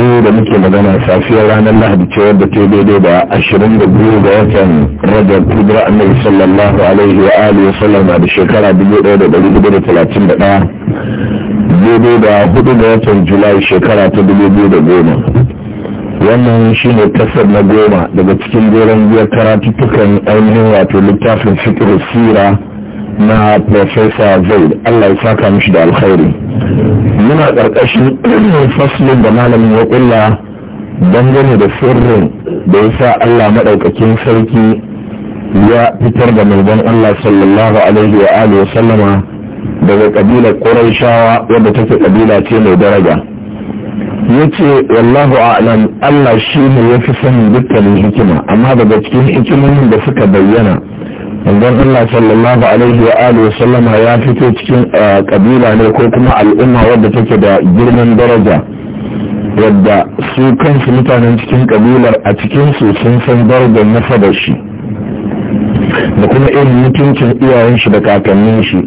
abu da muke magana safiyar ranar lahadi ce wadda ta daidai da ashirin da biyu ga watan rajab hijira annabi sallallahu alaihi wa alihi wasallam da shekara dubu ɗaya da ɗari da talatin da ɗaya daidai da hudu ga watan julai shekara ta dubu biyu da goma wannan shine kasar na goma daga cikin goron biyar tukan ainihin wato littafin fikirin sira na profesa zaid allah ya saka mishi da alkhairi muna ƙarƙashin faslin da malamin ya ƙulla dangane da sirrin da ya sa allah maɗaukakin sarki ya fitar da manzon allah sallallahu alaihi wa alihi wa sallama daga ƙabilar ƙuraishawa wadda take ƙabila ce mai daraja ya ce wallahu a'lam Allah shi ne ya fi sanin dukkanin hikima amma daga cikin hikimomin da suka bayyana manzon Allah sallallahu alaihi wa alihi sallama ya fito cikin kabila ne ko kuma al'umma wadda take da girman daraja wadda su kansu mutanen cikin kabilar a cikin su sun san darajar nasa da shi da kuma irin mutuncin iyayen shi da kakannin shi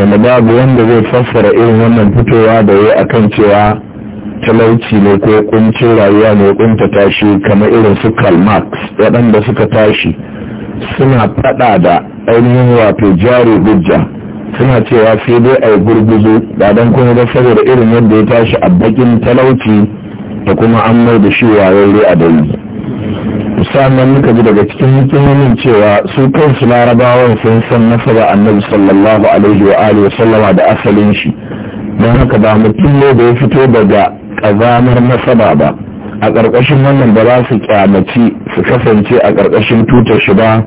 wanda babu wanda zai fassara irin wannan fitowa da ya akan cewa talauci ne ko kuncin rayuwa ne kunta tashi kamar irin su Karl Marx waɗanda suka tashi suna faɗa da ainihin wato jari gujja suna cewa sai dai a yi gurguzu ba don kuma ba saboda irin yadda ya tashi a bakin talauci da kuma an mai da shi wayaure a dai musamman muka ji daga cikin hikimomin cewa su kansu larabawan sun san nasara annabi sallallahu alaihi wa alihi wa sallama da asalin shi don haka ba mutum ne da ya fito daga kazamar nasaba ba a ƙarƙashin wannan ba za su kyamaci su kasance a ƙarƙashin tutar shi ba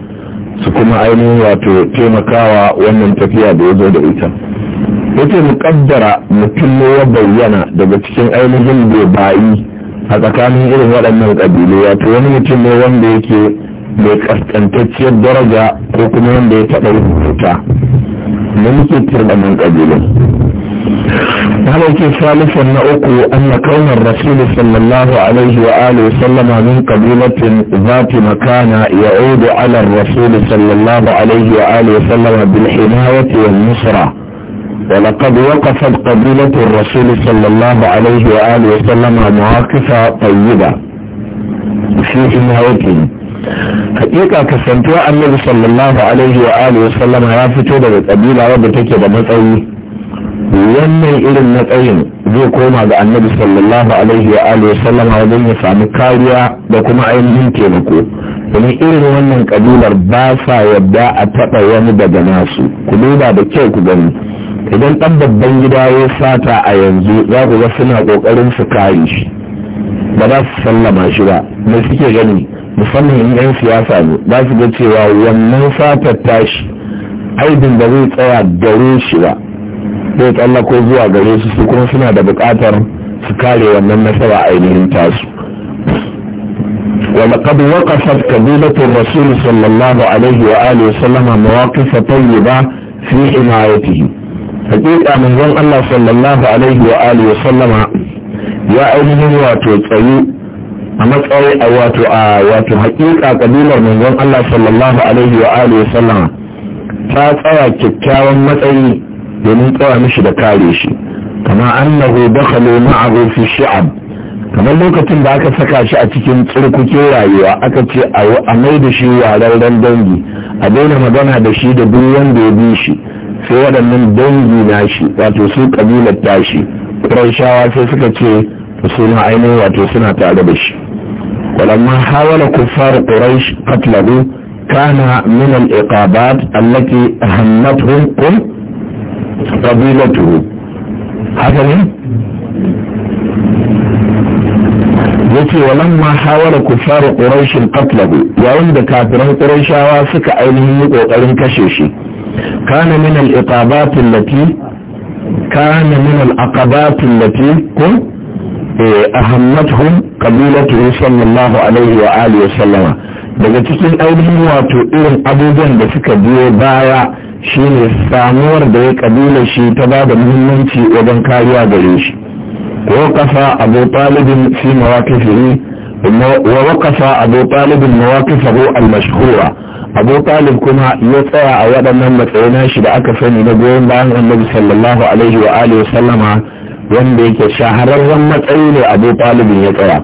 su kuma ainihin wato taimakawa wannan tafiya da ya zo da ita yake muƙaddara mutum ne ya bayyana daga cikin ainihin bayi a tsakanin irin waɗannan ƙabilu wato wani mutum ne wanda yake mai ƙasƙantacciyar daraja ko kuma wanda ya taɓa yin fita na muke kirɗa nan ƙabilun هلك ثالثا نأكو أن كون الرسول صلى الله عليه وآله وسلم من قبيلة ذات مكان يعود على الرسول صلى الله عليه وآله وسلم بالحماية والنصرة ولقد وقفت قبيلة الرسول صلى الله عليه وآله وسلم مواقف طيبة في حمايتهم حقيقة kasantuwa annabi صلى الله عليه وآله وسلم ya fito daga kabila wannan irin matsayin zai koma ga annabi sallallahu alaihi wa alihi sallama wajen ya sami kariya da kuma ainihin taimako domin irin wannan kabilar ba sa yadda a taɓa wani daga nasu ku duba da kyau ku gani idan ɗan babban gida ya sata a yanzu za ku ga suna ƙoƙarin su kare shi ba za su sallama shi ba me suke gani musamman in yan siyasa ne za su ga cewa wannan satar tashi aibin da zai tsaya gare shi ba zai tsallako zuwa gare su su kuma suna da bukatar su kare wannan nasara ainihin tasu wani kadu waka sat kabilatun rasulu sallallahu alaihi wa alihi wa sallama mawaƙi sa tayi ba fi himayati hakika manzon allah sallallahu alaihi wa alihi wa sallama ya ainihin wato tsayi a matsayi a wato a wato hakika kabilar manzon allah sallallahu alaihi wa alihi wa sallama ta tsaya kyakkyawan matsayi domin tsawa mishi da kare shi kama annahu dakhalu ma'ahu fi shi'ab kamar lokacin da aka saka shi a cikin tsirkukin rayuwa aka ce a mai da shi yaren dangi a daina magana da shi da duk wanda ya bi shi sai waɗannan dangi na shi wato su kabilar tashi shawa sai suka ce suna ainihin wato suna tare da shi ولما حاول كفار قريش قتله kana minal الإقابات التي همتهم قل fadilatu haka ne yace ma hawala kufar quraish qatlahu yayin da kafiran qurayshawa suka ainihin yi kokarin kashe shi kana min al-iqabat allati kana min al-aqabat allati kun ahammatuhum qabilatuhu sallallahu alaihi wa alihi wa sallama daga cikin ainihin wato irin abubuwan da suka biyo baya shine samuwar da ya kabila shi ta ba da muhimmanci wajen kariya gare shi ko kasa abu talibin fi mawaqifihi wa waqafa abu talibin mawaqifahu al-mashhura abu talib kuma ya tsaya a waɗannan matsayin shi da aka sani na goyon bayan annabi sallallahu alaihi wa alihi sallama wanda yake shahararren matsayi ne abu talibin ya tsaya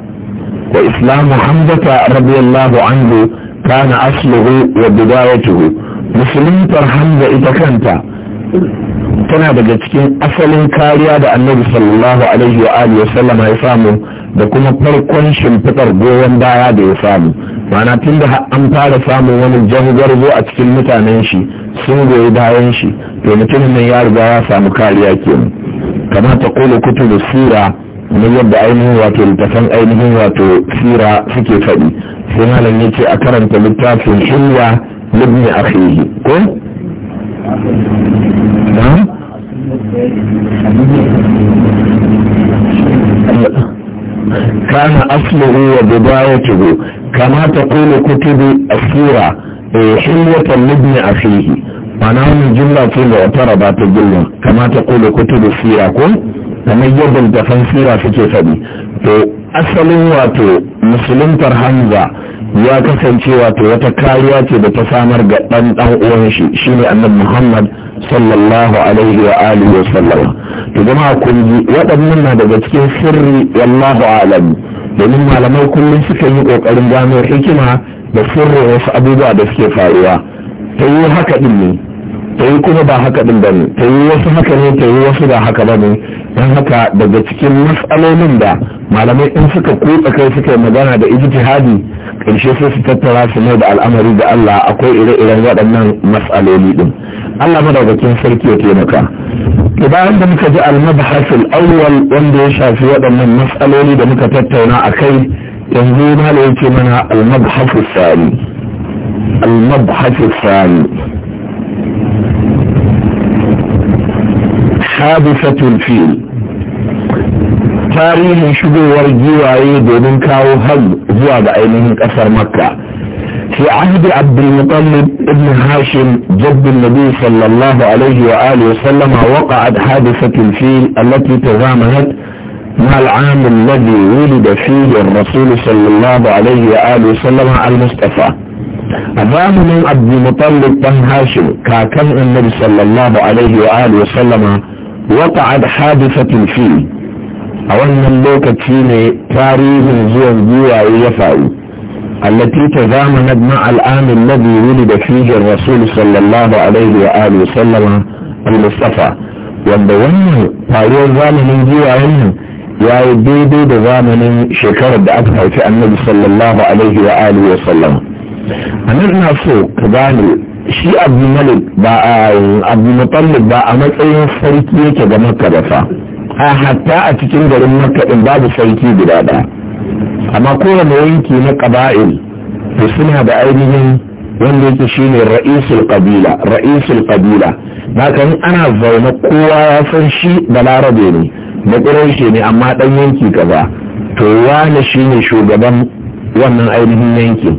wa islamu hamzata andu anhu kana asluhu wa bidayatuhu musuluntar hamza ita kanta tana daga cikin asalin kariya da annabi sallallahu alaihi wa alihi wasallam ya samu da kuma farkon shimfiɗar goyon baya da ya samu mana tun da an fara samun wani zo a cikin mutanen shi sun goyi bayan shi to mutumin nan ya riga ya samu kariya kenan kama ta kula kutubu sura na yadda ainihin wato littafan ainihin wato sira suke faɗi sai malam ya ce a karanta littafin shirya libni akhihi ko كان أصله وبدايته كما تقول كتب السورة حلوة لابن أخيه mana wannan jumla ce da wata raba ta gillin kama ta kula kutu da sira ko kamar yadda dafan sira suke faɗi to asalin wato musuluntar hamza ya kasance wato wata kariya ce da ta samar ga ɗan ɗan uwan shi shine annabi muhammad sallallahu alaihi wa alihi wa sallama to jama'a kun ji waɗannan na daga cikin sirri wallahu alam domin malamai kullum suka yi kokarin gano hikima da sirrin wasu abubuwa da suke faruwa ta yi haka din ne ta yi kuma ba haka ɗin ba ne ta yi wasu haka ne ta yi wasu ba haka ba ne don haka daga cikin matsalolin da malamai in suka kutsa kai suka yi magana da ijtihadi ƙarshe sai su tattara su mai da al'amari da Allah akwai ire-iren waɗannan matsaloli ɗin Allah madaukakin sarki ya taimaka to bayan da muka ji al-mabhasul awwal wanda ya shafi waɗannan matsaloli da muka tattauna a kai yanzu malam ce mana al-mabhasul sani al-mabhasul sani حادثة الفيل تاريخ شبه giwaye وعيد ومن كاو هل هو بعينه أثر مكة في عهد عبد المطلب ابن هاشم جد النبي صلى الله عليه وآله وسلم وقعت حادثة الفيل التي تزامنت مع العام الذي ولد فيه الرسول صلى الله عليه وآله وسلم على المصطفى أظام من عبد المطلب بن هاشم كان النبي صلى الله عليه وآله وسلم وقعت حادثة فيه a wannan lokaci ne tarihin zuwan giwaye ya faru allati ta zamana ma al'amin ladhi wulida fihi rasul sallallahu alaihi wa alihi sallama al-mustafa wanda wannan faruwar zamanin giwayen nan ya yi daidai da zamanin shekarar da aka haifi annabi sallallahu alaihi wa alihi wa sallama a nan na so ka gane shi abdulmalik ba um, ba a matsayin sarki yake ga makka da fa a hatta a cikin garin makka din babu sarki guda ɗaya amma kowane yanki na ƙaba'il da suna da ainihin wanda yake shine ra'isul ƙabila. ra'isul qabila kan ana zaune kowa ya san shi da larabe ne da shi ne amma ɗan yanki kaza to shi shine shugaban wannan ainihin yanki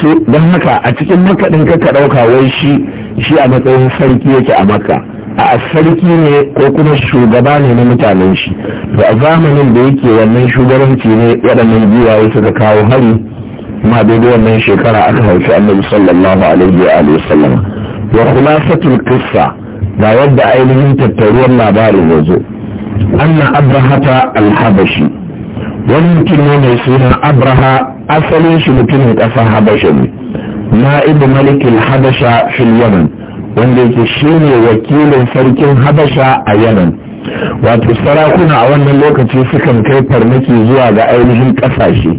su don haka a cikin makaɗin ka ɗauka wai shi shi a matsayin sarki yake a makka a sarki ne ko kuma shugaba ne na mutanen shi to a zamanin da yake wannan shugabanci ne waɗannan giwaye suka kawo hari ma daidai wannan shekara aka haifi annabi sallallahu alaihi wa sallama wa khulasatul qissa ga yadda ainihin tattaruwar labarin ya zo anna abrahata al-habashi wani mutum ne mai suna abraha asalin shi mutumin ƙasar habasha ne na'ibu malikin habasha fil yaman wanda yake shine wakilin sarkin habasha a yaman wato sarakuna a wannan lokaci sukan kai farmaki zuwa ga ainihin ƙasashe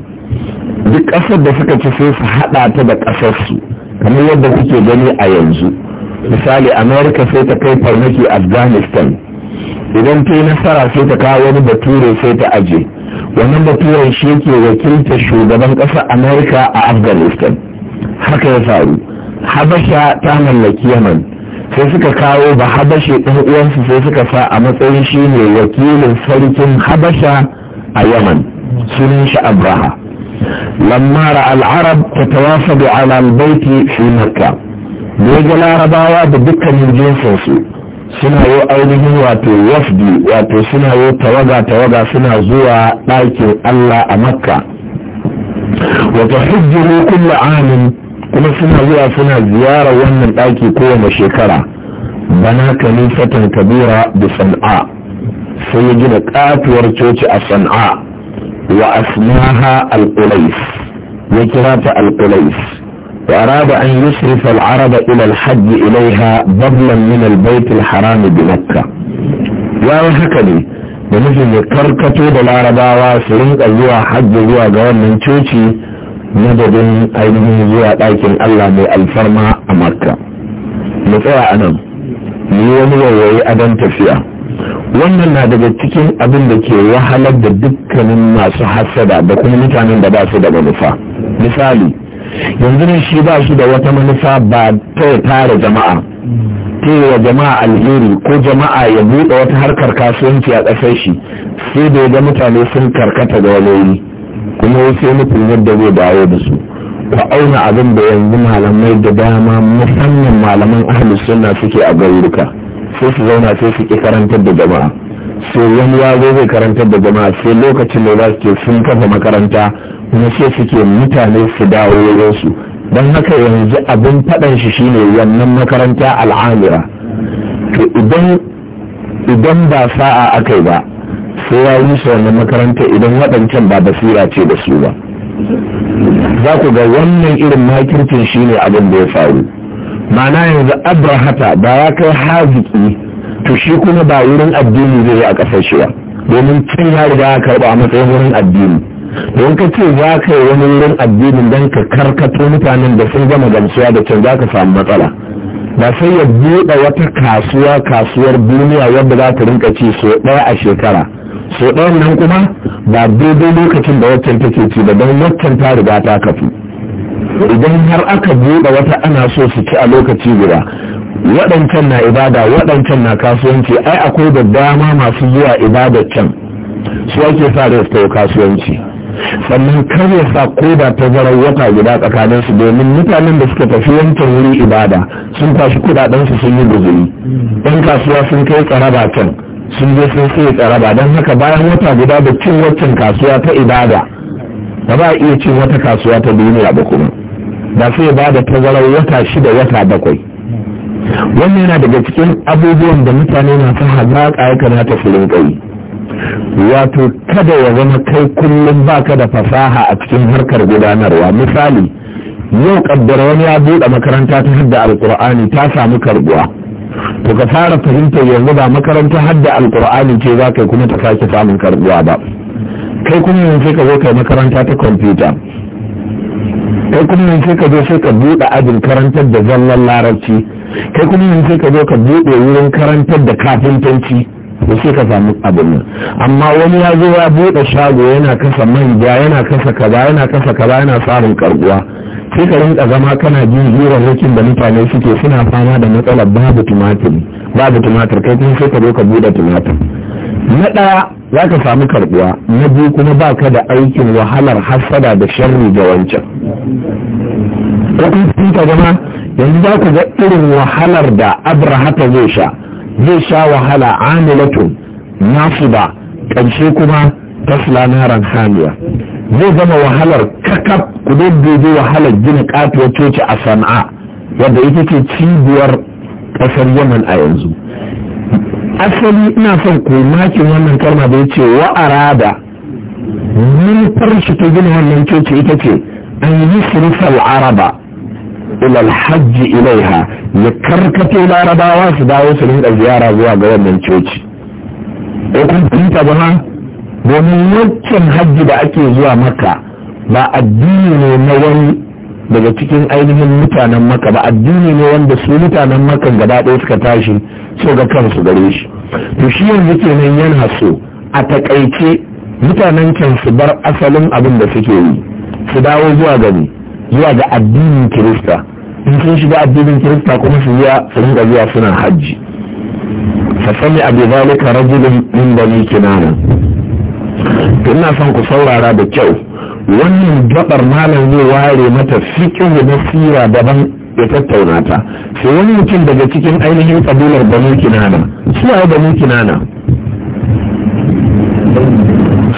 duk ƙasar da suka ci sai su haɗa ta da ƙasarsu kamar yadda kuke gani a yanzu misali amerika sai ta kai farmaki afghanistan idan ta yi nasara sai ta kawo wani bature sai ta aje wannan baturen shi yake wakiltar shugaban ƙasar amerika a afghanistan haka ya faru habasha ta mallaki yaman sai suka kawo ba habashe ɗan uwansu sai suka sa a matsayin shi ne wakilin sarkin habasha a yaman sunan shi abraha lamma al'arab ta tawafadu ala albaiti fi makka da ya ga larabawa da dukkanin jinsinsu suna yi ainihin wato wafdi wato suna yi tawaga-tawaga suna zuwa ɗakin Allah a makka wata hujjiru kulla amin kuma suna zuwa suna ziyarar wannan ɗaki kowane shekara bana kanisatan kabira da san'a sai ya gina katuwar coci a san'a wa asmaha al ya kira ta al وأراد أن يصرف العرب إلى الحج إليها ضبلا من البيت الحرام بمكة وهكذا da nufin ya karkato da larabawa su rinƙa zuwa hajji zuwa ga wannan coci madadin ainihin zuwa ɗakin Allah mai alfarma a makka mu tsaya a nan mu wani wawaye adon tafiya wannan na daga cikin abin da ke wahalar da dukkanin masu hasada da kuma mutanen da ba su da manufa misali yanzu ne shi ba shi da wata manufa ba ta tare jama'a ta wa jama'a alheri ko jama'a ya buɗe wata harkar kasuwanci a ƙasar shi sai da ga mutane sun karkata ga waloli kuma sai nufin yadda zai dawo da su ka auna abin da yanzu malamai da dama musamman malaman ahalus sunna suke a garuruka sai su zauna sai su ƙi karantar da jama'a sai wani ya zo zai karantar da jama'a sai lokacin da za su sun kafa makaranta kuma sai suke mutane su dawo su don haka yanzu abin faɗan shi shine wannan makaranta al'amira to idan idan ba sa'a aka ba sai ya yi su wannan makaranta idan waɗancan ba basira ce da su ba za ku ga wannan irin makircin shine abin da ya faru ma'ana yanzu abrahata ba ya kai haziki to shi kuma ba wurin addini zai yi a ƙasar shi domin cin ya riga ya karɓa a matsayin wurin addini don ka ce za ka yi wani wurin addini don ka karkato mutanen da sun gama gamsuwa da can za ka samu matsala ba sai ya buɗe wata kasuwa kasuwar duniya wadda za ta rinka ci so ɗaya a shekara so ɗayan nan kuma ba daidai lokacin da waccan take ci ba don waccan ta riga ta kafu idan har aka buɗe wata ana so su ci a lokaci guda waɗancan na ibada waɗancan na kasuwanci ai akwai da dama masu zuwa ibada can su ake sa da kasuwanci sannan kar ya sa ko da tazarar wata guda tsakanin su domin mutanen da suka tafi wancan wuri ibada sun tashi kudaden su sun yi guzuri ɗan kasuwa sun kai tsaraba can sun je sun sai tsaraba don haka bayan wata guda da cin waccan kasuwa ta ibada ba ba iya cin wata kasuwa ta duniya ba kuma ba sai ba da tazarar wata shida wata bakwai wannan yana daga cikin abubuwan da mutane na ta hazaƙa ya kamata su rinka wato kada ya zama kai kullum ba ka da fasaha a cikin harkar gudanarwa misali yau kaddara wani ya buɗe makaranta ta hadda alkur'ani ta samu karbuwa to ka fara fahimtar yanzu ba makaranta hadda alkur'ani ce za kai kuma ta sake samun karbuwa ba kai kuma yanzu ka zo kai makaranta ta kwamfuta kai kuma sai ka zo sai ka buɗe ajin karantar da zallan larabci kai kuma sai ka zo ka buɗe wurin karantar da kafintanci da sai ka samu abin nan amma wani ya zo ya buɗe shago yana kasa manja yana kasa kaza yana kasa kaza yana samun karbuwa sai ka rinka zama kana jin hirarrakin da mutane suke suna fama da matsalar babu tumatir babu tumatir kai kuma sai ka zo ka buɗe tumatir na ɗaya za ka samu karbuwa na biyu kuma ba ka da aikin wahalar hasada da sharri ga wancan kun ta zama yanzu za ku ga irin wahalar da abrahata zai sha zai sha wahala amilatun nasu ba ƙarshe kuma tasla naran hamiya zai zama wahalar kakaf ku daidai wahalar gina katuwar coci a sana'a wadda ita ce cibiyar ƙasar yaman a yanzu asali ina son ku makin wannan kalma da yace wa arada mun farshi ta gina wannan coci ita ce an yi surufal araba ila alhajji ilaiha ya karkato larabawa su dawo su rinka ziyara zuwa ga wannan coci ko kun fahimta domin wancan hajji da ake zuwa maka ba addini ne na wani daga cikin ainihin mutanen maka ba addini ne wanda su mutanen maka gaba ɗaya suka tashi so ga kansu gare shi to shi yanzu kenan yana so a takaice mutanen can su bar asalin abin da suke yi su dawo zuwa gani zuwa ga addinin kirista in sun shiga addinin kirista kuma su yi su rinka zuwa suna hajji fasami abu zalika rajulun min bani kinana ina son ku saurara da kyau wannan gabar malam zai ware mata fikin da sira daban ya tattauna ta sai wani mutum daga cikin ainihin kabilar banu kinana su waye banu kinana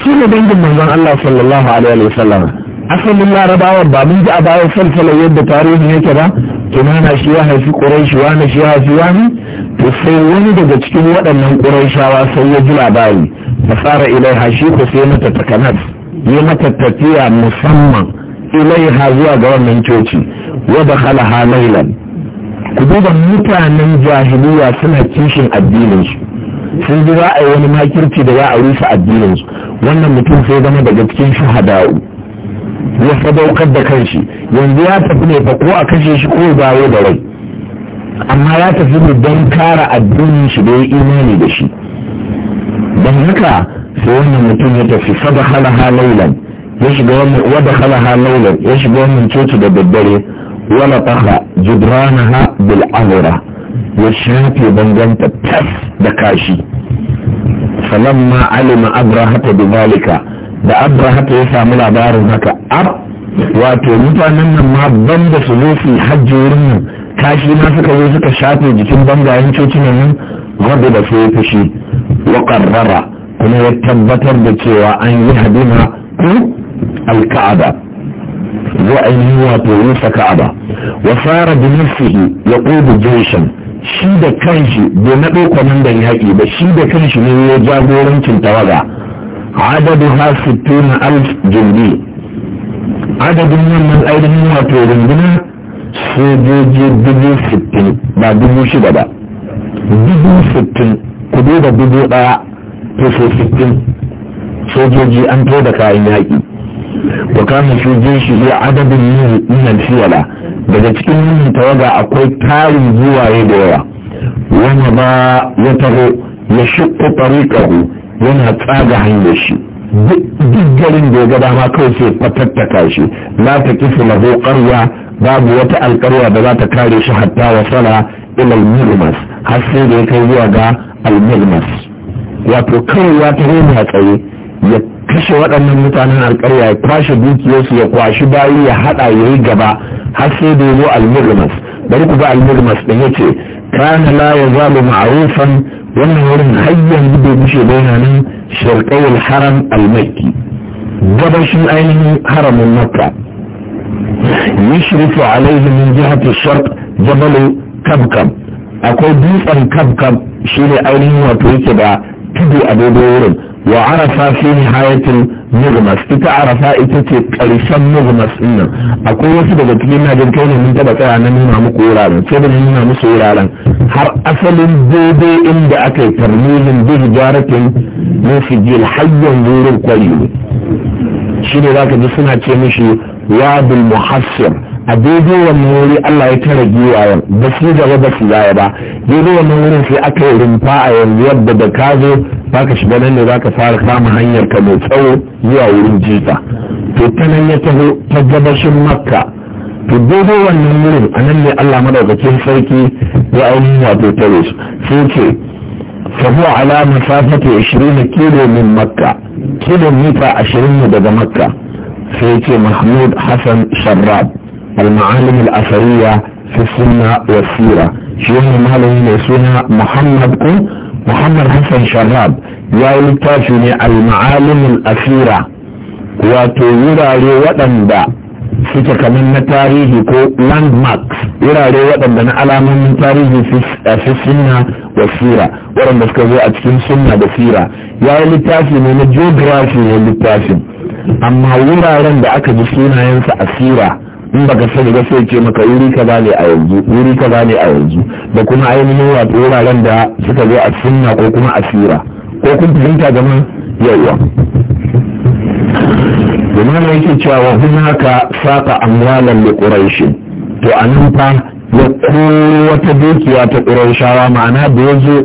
su ne dangin manzon Allah sallallahu alaihi wa sallam asalin larabawa ba mun ji a bayan falfala yadda tarihin yake ba kinana shi ya haifi quraishi wani shi ya haifi wani to sai wani daga cikin waɗannan quraishawa sai ya ji labari fasara ilaiha shi ku sai mata takanas. yi mata tafiya musamman ilaiha zuwa ga wannan coci wadda halaha lailan ku duba mutanen jahiliya suna kishin addininsu sun ji za a yi wani makirci da za a rusa addininsu wannan mutum sai zama daga cikin shahada'u ya sadaukar da kanshi yanzu ya tafi ne fa ko a kashe shi ko dawo da rai amma ya tafi ne don kara addinin shi da ya imani da shi don haka sai wannan mutum ya tafi fada halaha laulan ya shiga wada halaha laulan ya shiga wannan coci da daddare wala taha jibranaha bil amura ya shafe banganta tas da kashi falamma alima abrahata bi zalika da abrahata ya samu labarin haka ab wato mutanen nan ma ban da su zo su hajji wurin nan kashi na suka zo suka shafe jikin bangayen cocinan nan wanda da sai fushi wa karrara kuma ya tabbatar da cewa an yi hadima alka'aba zo an yi wato rusa ka'aba wa fara bi ya qudu jayshan shi da kanshi bai na ɗauka nan yaƙi ba shi da kanshi ne ya jagorancin tawaga adadu ha sittuna alf jundi adadin wannan ainihin wato rundunar sojoji dubu sittin ba dubu shida ba dubu sittin ku da dubu ɗaya to sittin sojoji an to da kayan yaƙi wa kama sojin shi iya adadin minan fiyala daga cikin minan tawaga akwai tarin zuwaye da yawa wani ba ya taho ya shukku tariƙahu yana tsaga hanyar shi duk garin da ya ga dama kawai sai fatattaka shi la ta kifi lahu qarya babu wata alqarya da za ta kare shi hatta wa sala ila al-milmas har sai da kai zuwa ga al-milmas wato kawai ta rena tsaye ya kashe waɗannan mutanen alƙarya ya kwashe dukiyarsu ya kwashi bayi ya haɗa ya yi gaba har sai da zo al-milmas bari ku ga al-milmas ɗin ya ce kana la ya zalu ma'rufan wannan wurin har yanzu bai gushe bayanan شركي الحرم المكي جبشن أينه حرم مكة يشرف عليه من جهة الشرق جبل كبكب أقول بيطا كبكب شيل أينه وتويتبع tudu a daidai wurin wa arafa fi hayatin mugmas ita arafa ita ce karshen mugmas nan akwai wasu daga cikin najin kai ne mun taba tsaya na nuna muku wuraren sai da nuna musu wuraren har asalin daidai inda aka yi tarmizin bi hijaratin min sijil hayyan wurin kwari shi ne zaka ji suna ce mishi wadul muhassir a daidai wannan wuri Allah ya tara giwayen ba su gaba ba su yaya ba daidai wannan wurin sai aka yi rumfa a yanzu yadda da ka zo ba ka shiga nan ne za ka fara kama hanyar ka mai tsawo zuwa wurin jifa to ta nan ya taho ta gabashin makka to daidai wannan wurin a nan ne Allah madaukakin sarki ya ainihin wato tare su sai ce فهو على مسافة 20 كيلو من مكة كيلو متر 20 daga makka sai ce mahmud hassan sharrab المعالم الأثرية في السنة والسيرة شيخ المعلم سنة محمد كن محمد حسن شراب يا لتافني المعالم الأثيرة وتورى لوطن دا suke kamar na tarihi ko land landmarks wurare waɗanda na alamomin tarihi fi sunna da sira waɗanda suka zo a cikin sunna da sira ya littafi ne na geography ne littafin amma wuraren da aka ji sunayensa asira. in baka sani ba sai ce maka wuri ka ne a yanzu wuri ka ne a yanzu da kuma ainihin wato wuraren da suka zo a sunna ko kuma asira ko kun fahimta man yawa domin yake cewa wa hunaka saka amwalan li quraishin to anan fa ya koro wata dukiya ta quraishawa ma'ana da yazo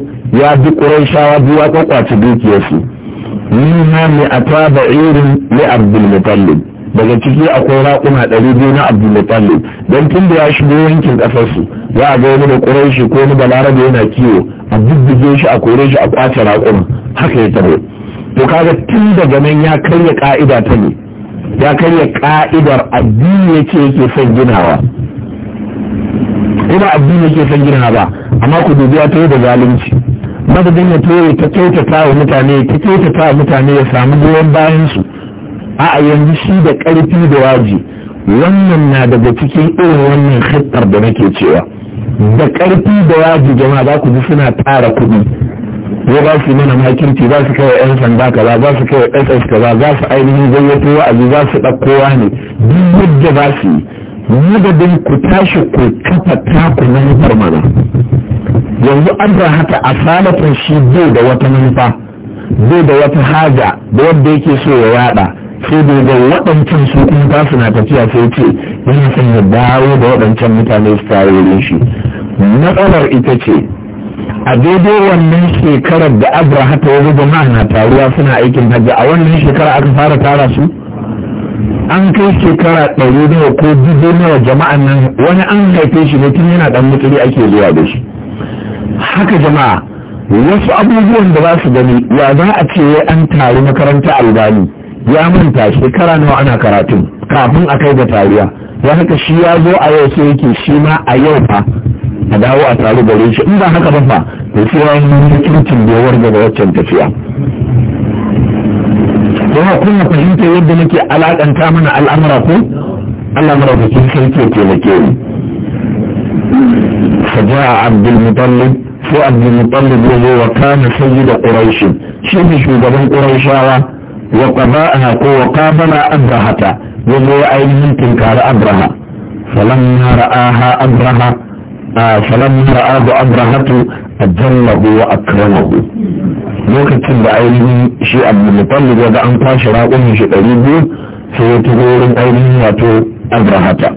ya bi quraishawa biwa kwakwace dukiyarsu ni ma mi ataba irin li abdul daga ciki akwai raƙuma ɗari biyu na abdulmutalli don tun da ya shigo yankin ƙasarsu za a ga wani da ƙuraishi ko wani balarabe yana kiwo a bubbuge shi a kore shi a ƙwace raƙuma haka ya taho to kaga tun daga nan ya karya ƙa'ida ta ne ya karya ƙa'idar addini yake yake son ginawa kuma addini yake son ginawa ba amma ku dubi a taho da zalunci madadin ya toye ta kyautata wa mutane ta kyautata wa mutane ya samu goyon bayan su a yanzu shi da ƙarfi da waji wannan na daga cikin irin wannan hittar da nake cewa da ƙarfi da waji jama'a za ku ji suna tara kuɗi ya ba su mana makinti za su kai yan sanda kaza za su kai ss kaza za su ainihin gayyato wa'azi za su ɗaukowa ne duk yadda za su yi madadin ku tashi ku kafa taku nufar mana yanzu an da haka a salatin shi zai da wata manufa zai da wata haja da wanda yake so ya yada sai bai ga waɗancan su in ba su na tafiya sai ce yana son ya dawo da waɗancan mutane su tare wurin shi matsalar ita ce a daidai wannan shekarar da abraha ta wani jama'a na taruwa suna aikin hajji a wannan shekara aka fara tara su an kai shekara ɗari nawa ko dubu nawa jama'a nan wani an haife shi ne tun yana ɗan mutsuri ake zuwa da shi haka jama'a wasu abubuwan da za su gani ya za a ce an taru makaranta albani ya manta shekara nawa ana karatu kafin a kai ga taliya ya haka shi ya zo a yau sai yake shi ma a yau fa a dawo a taru gare shi in ba haka ba fa da sai ya yi mutuncin da ya warga da waccan tafiya kuma kuna fahimta yadda nake alaƙanta mana al'amura ko Allah sun sarki ya taimake ni فجاء عبد المطلب فعبد المطلب وهو كان سيد قريش شيخ شو قريشاwa wa qada'aha ko wa qabala abrahata yazo ya ainihin tinkari abraha falamma ra'aha abraha falamma ra'ahu abrahatu ajallahu wa akramahu lokacin da ainihin shi abu mutallib ya ga an kwashi raƙumin shi ɗari biyu sai ya tugo wurin ainihin wato abrahata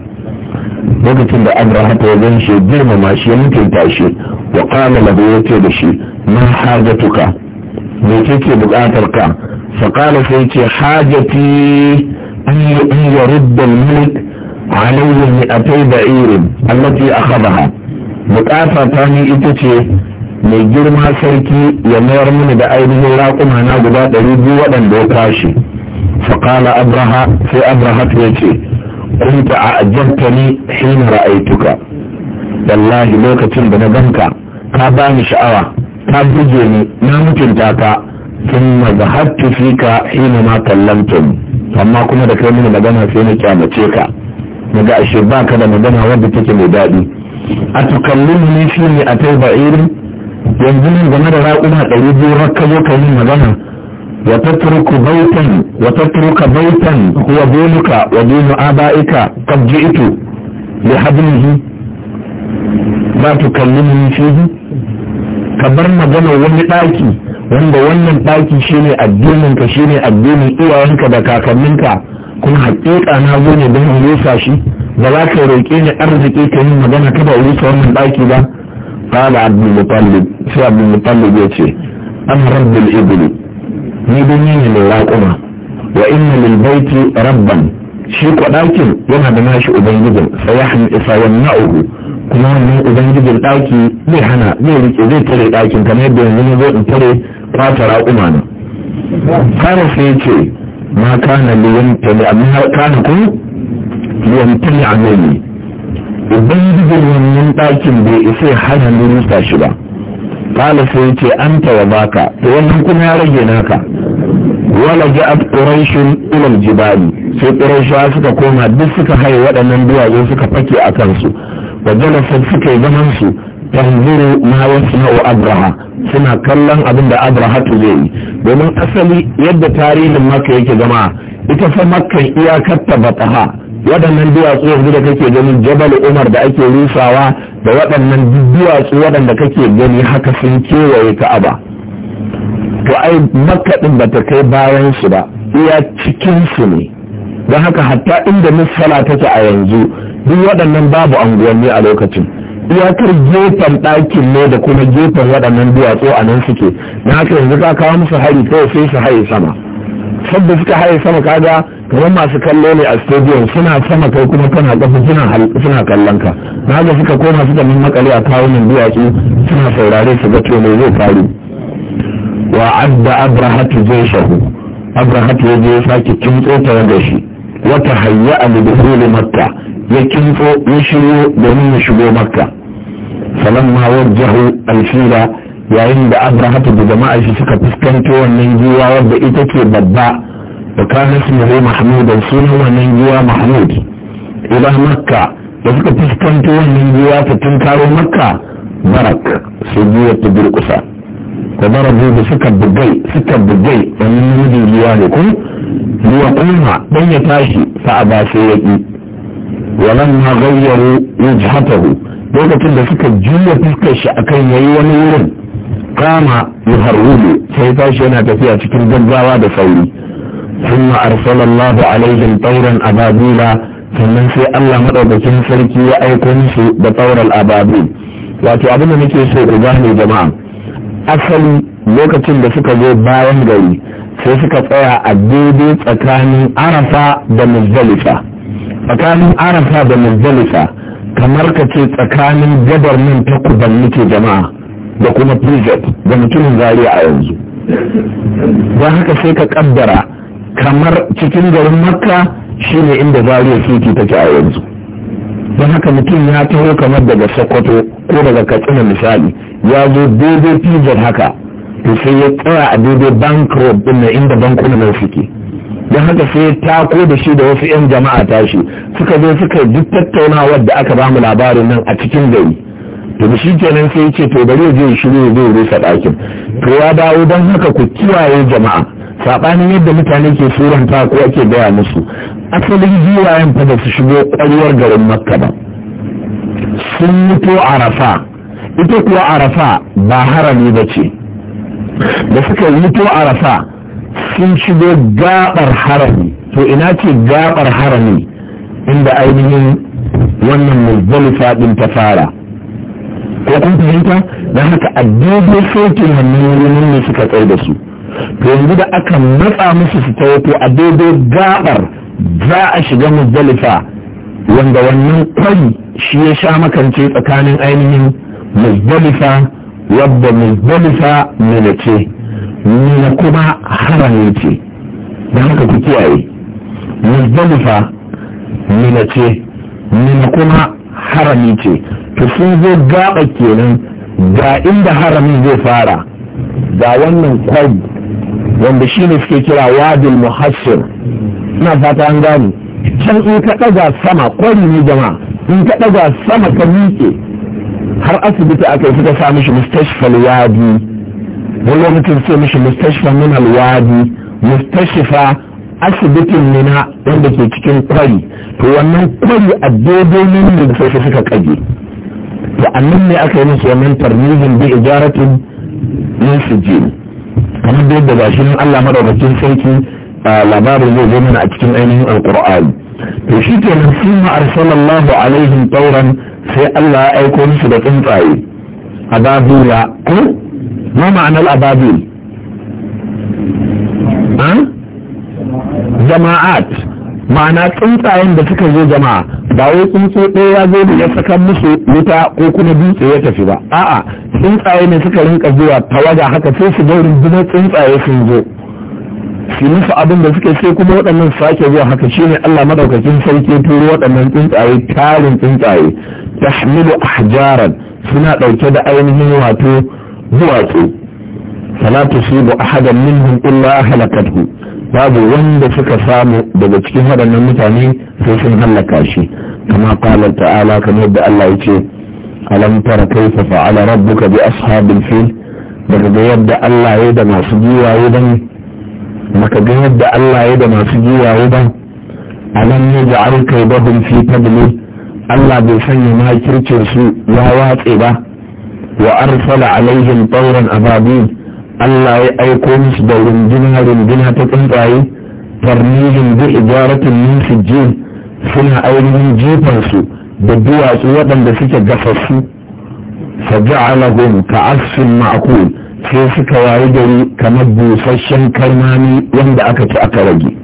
lokacin da abrahata ya gan shi girmama shi ya mutunta shi wa kama lahu ya ce da shi ma hajatuka me kake bukatar ka faƙala sai ce hajati an yi in ya rudda mulk alayya mi atai da irin allati akhadaha bukata ta ni ita ce mai girma sarki ya mayar mini da ainihin raƙuma na guda ɗari biyu waɗanda ya tashi faƙala abraha sai abraha ya ce kunta a ajabtani hina ra'aituka wallahi lokacin da na ganka ka bani sha'awa ka buge ni na mutunta ka sun mazahattu fi ka hina ma kallamtum amma kuma da kai mini magana sai na kyamace ka daga ashe ba ka da magana wadda take mai daɗi a tukallimu ne shi ne a tai ba'irin yanzu ne game da raƙuna ɗari biyu rakka zo ka yi magana wa tatruku baitan wa tatruka baitan huwa dinuka wa dinu abaika qad ji'tu li hadmihi la tukallimuni fihi ka bar magana wani ɗaki wanda wannan ɗaki shi ne addininka shi ne addinin iyayenka da kakanninka kuma haƙiƙa na zo ne don rusa shi ba za ka roƙe ni arziki ka yi magana ka ba rusa wannan ɗaki ba fara abdulmutallib sai ya ce an rabbul ibli ni ne mai raƙuma wa inna lil rabban shi ko ɗakin yana da nashi ubangijin sayahin na wannan kuma wannan ubangijin ɗaki zai hana zai rike zai tare ɗakin kamar yadda yanzu na zo in tare kwata raƙuma na kana sai ce ma kana liyan tale amma kana ku liyan tale a gani ubangijin wannan ɗakin bai isa hana ni rusa shi ba kana sai ce an tawa baka to wannan kuma ya rage naka wala at quraishun ila jibali sai quraishawa suka koma duk suka haye waɗannan duwatsu suka fake a kansu wa jalasa suka yi zaman su yanzuru ma yasma'u abraha suna kallon abinda da abraha tu zai yi domin asali yadda tarihin makka yake zama ita fa makkan iyakarta bataha waɗannan duwatsu yanzu da kake gani jabal umar da ake rusawa da waɗannan duwatsu waɗanda kake gani haka sun kewaye ka'aba to ai makka ɗin ba ta kai bayan su ba iya cikin su ne don haka hatta inda misala take a yanzu duk waɗannan babu anguwanni a lokacin iyakar gefen ɗakin ne da kuma gefen waɗannan duwatsu a nan suke na haka yanzu ka kawo musu hari kawai sai su haye sama sabda suka haye sama kaga kamar masu kallo ne a stadium suna sama kai kuma kana kafa suna kallon ka na ga suka koma suka min makale a kawo min duwatsu suna saurare su ga to zai faru wa adda abrahatu zai shahu abrahatu ya je ya sake kimtsota ta da shi wata hayya a lidukhuli makka ya kinfo ya shigo domin ya shigo makka falamma wajahu alfila yayin da abrahatu da jama'a shi suka fuskanto wannan giwa wadda ita ke babba da kana ismuhu mahmud da sunan wannan giwa mahmud ila makka da suka fuskanta wannan giwa ta tunkaro makka barak sai giwa ta durkusa da barabu da suka bugai suka bugai wani namiji liya ne ko liya kuma dan ya tashi fa ba sai ya ki walan ma gayyaru yajhatahu lokacin da suka juya fuskar shi akan yayi wani wurin kama yuharrubu sai tashi yana tafiya cikin gaggawa da sauri ثم أرسل الله عليهم طيرا sannan sai Allah madaukakin sarki ya aiko musu da tsaurar ababil wato abin da nake so ku gane jama'a asali lokacin da suka zo bayan gari sai suka tsaya a daidai tsakanin arafa da muzdalifa tsakanin arafa da muzdalifa kamar ka ce tsakanin gabar nan ta kuban nake jama'a da kuma prefect da mutumin zariya a yanzu don haka sai ka kaddara kamar cikin garin makka shine inda zariya suke take a yanzu don haka mutum ya taho kamar daga sokoto ko daga katsina misali ya zo daidai fijar haka to sai ya tsaya a daidai bank road din na inda bankunan suke don haka sai ya tako da shi da wasu 'yan jama'a tashi suka zo suka duk tattaunawar da aka bamu labarin nan a cikin gari to shi kenan sai ce to bari je shiru zai rusa ɗakin to ya dawo don haka ku kiyaye jama'a saɓanin yadda mutane ke suranta ko ake gaya musu asalin giwayen fa da su shigo ƙwarewar garin makka ba sun mutu arafa ita kuwa arafa ba harami ba ce da suka mutu arafa sun shigo gaɓar harami to ina ce gaɓar harami inda ainihin wannan muzdalifa ɗin ta fara ko kun fahimta da haka a daidai sokin wannan wurin ne suka tsaye da su to yanzu da aka matsa musu su ta wato a daidai gabar za a shiga muzdalifa wanda wannan kwari shi ya sha makance tsakanin ainihin muzdalifa wadda muzdalifa mina ce mina kuma harami ce da haka ku kiyaye muzdalifa mina ce mina kuma harami ce to sun zo gaba kenan ga inda haramin zai fara ga wannan kwai wanda shi ne suke kira wadil muhassir ina fata an gane can in ka ɗaga sama kwari ne jama in ka ɗaga sama ka miƙe har asibiti aka yi suka sa mishi mustashfal wadi wani lokacin sai mishi mustashfa min alwadi mustashfa asibitin nina wanda ke cikin kwari to wannan kwari a daidai nan da sai suka kage to annan ne aka yi musu wannan tarmihin bi ijaratin min sujin kamar da yadda gashi nan Allah madaukakin sarki labarin zai zo mana a cikin ainihin alqur'ani to shi kenan sun arsalallahu alaihim tauran sai Allah ya aiko musu da tsuntsaye ababila ko ma ma'anar ababil jama'at ma'ana tsuntsayen da suka zo jama'a ba wai tsuntsu ɗaya ya zo da ya saka musu wuta ko kuma dutse ya tafi ba a'a tsuntsaye ne suka rinka zuwa tawaga haka sai su ga rundunar tsuntsaye sun zo su musu abin da suke sai kuma waɗannan sake zuwa haka shine Allah madaukakin sarki turo waɗannan tsuntsaye tarin tsuntsaye tahmilu ahjaran suna ɗauke da ainihin wato duwatsu fala tusibu ahadan minhum illa halakathu babu wanda suka samu daga cikin waɗannan mutane sai sun hallaka shi kama qala ta'ala kamar da Allah ya ce alam tara kayfa fa'ala rabbuka bi ashabil fil daga ga yadda Allah ya da masu giwaye dan maka ga yadda Allah ya da masu giwaye dan alam yaj'al kaydahum fi tadlil Allah bai sanya makircin su ya watse ba wa arsala alaihim tawran ababil Allah ya aiko musu da rundunar rundunar ta tsuntsaye tarmihin da ijaratin min sijjin suna ainihin jifansu da duwatsu waɗanda suke gafassu fa ka ka'asfin ma'akul sai suka wayi gari kamar busasshen karmani wanda aka ci aka rage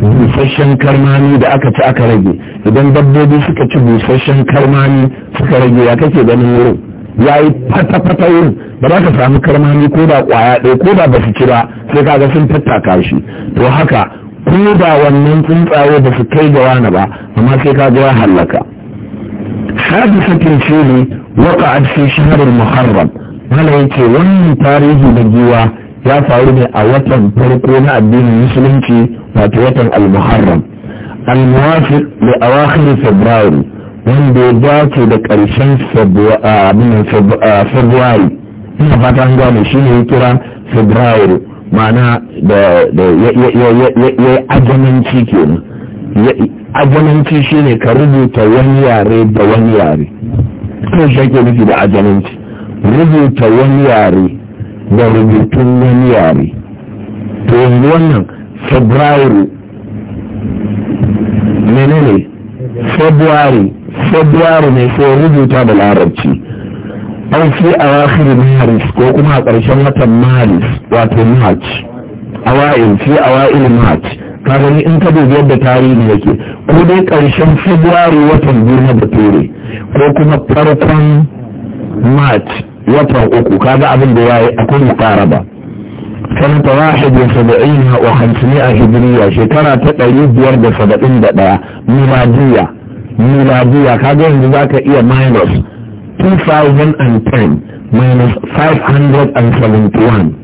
busasshen karmami da aka ci aka rage idan dabbobi suka ci busasshen karmani suka rage ya kake ganin wurin ya yi fata-fata yin ba za ka samu karmami ko da kwaya ɗaya ko da ba su ci ba sai ka sun tattaka shi to haka ko da wannan tsuntsaye ba su kai ga wani ba amma sai ka ya hallaka hadisatin ce ne waka a cikin muharram mana yake wannan tarihi da giwa ya faru ne a watan farko na addinin musulunci wato watan al-muharram al-muwafiq li awakhir february wanda ya dace da ƙarshen februari ina fata an gane shi ne ya kira februari ma'ana da ya yi ajamanci kenan ajananci shi ne ka rubuta wani yare da wani yare kan shi ake nufi da ajananci rubuta wani yare da rubutun wani yare to yanzu wannan februari menene february february ne sai rubuta da larabci an fi a wakilin maris ko kuma a ƙarshen watan maris wato march awa'il fi awa'il march kagani in ka dubi yadda tarihi yake ko dai ƙarshen february watan biyu na bature ko kuma farkon march watan uku kaga abin da ya yi akwai mukaraba sanata wahidin saba'in wa a hijiriya shekara ta ɗari biyar da saba'in da ɗaya miladiya miladiya kaga yanzu za ka iya minus 2010 minus 571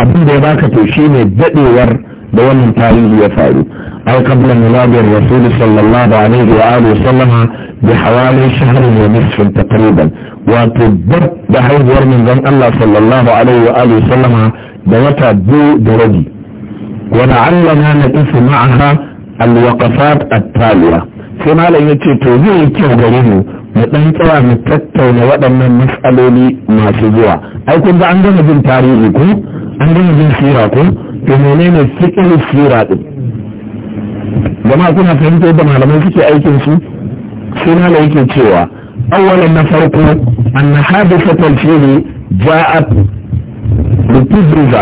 abinda da ya baka to ne daɗewar بوانهم تاريخ يفعلوا او قبل ميلاد الرسول صلى الله عليه وآله وسلم بحوالي شهر ونصف تقريبا وتبت بحيث ورمن ذن الله صلى الله عليه وآله وسلم بوتا بو درجي ولعلنا نقف معها الوقفات التالية فما لن يتوجه التوغرين مثلا ترى متكتون ودن من مسألولي ما تزوع اي كنت عندنا في التاريخ كنت عندما في سيراته يمونين الثقل السيرات لما كنا فهمت ودم على ملكك أي كنسو سنة لك تشوى أولا ما أن حادثة الفيل جاءت لتبرز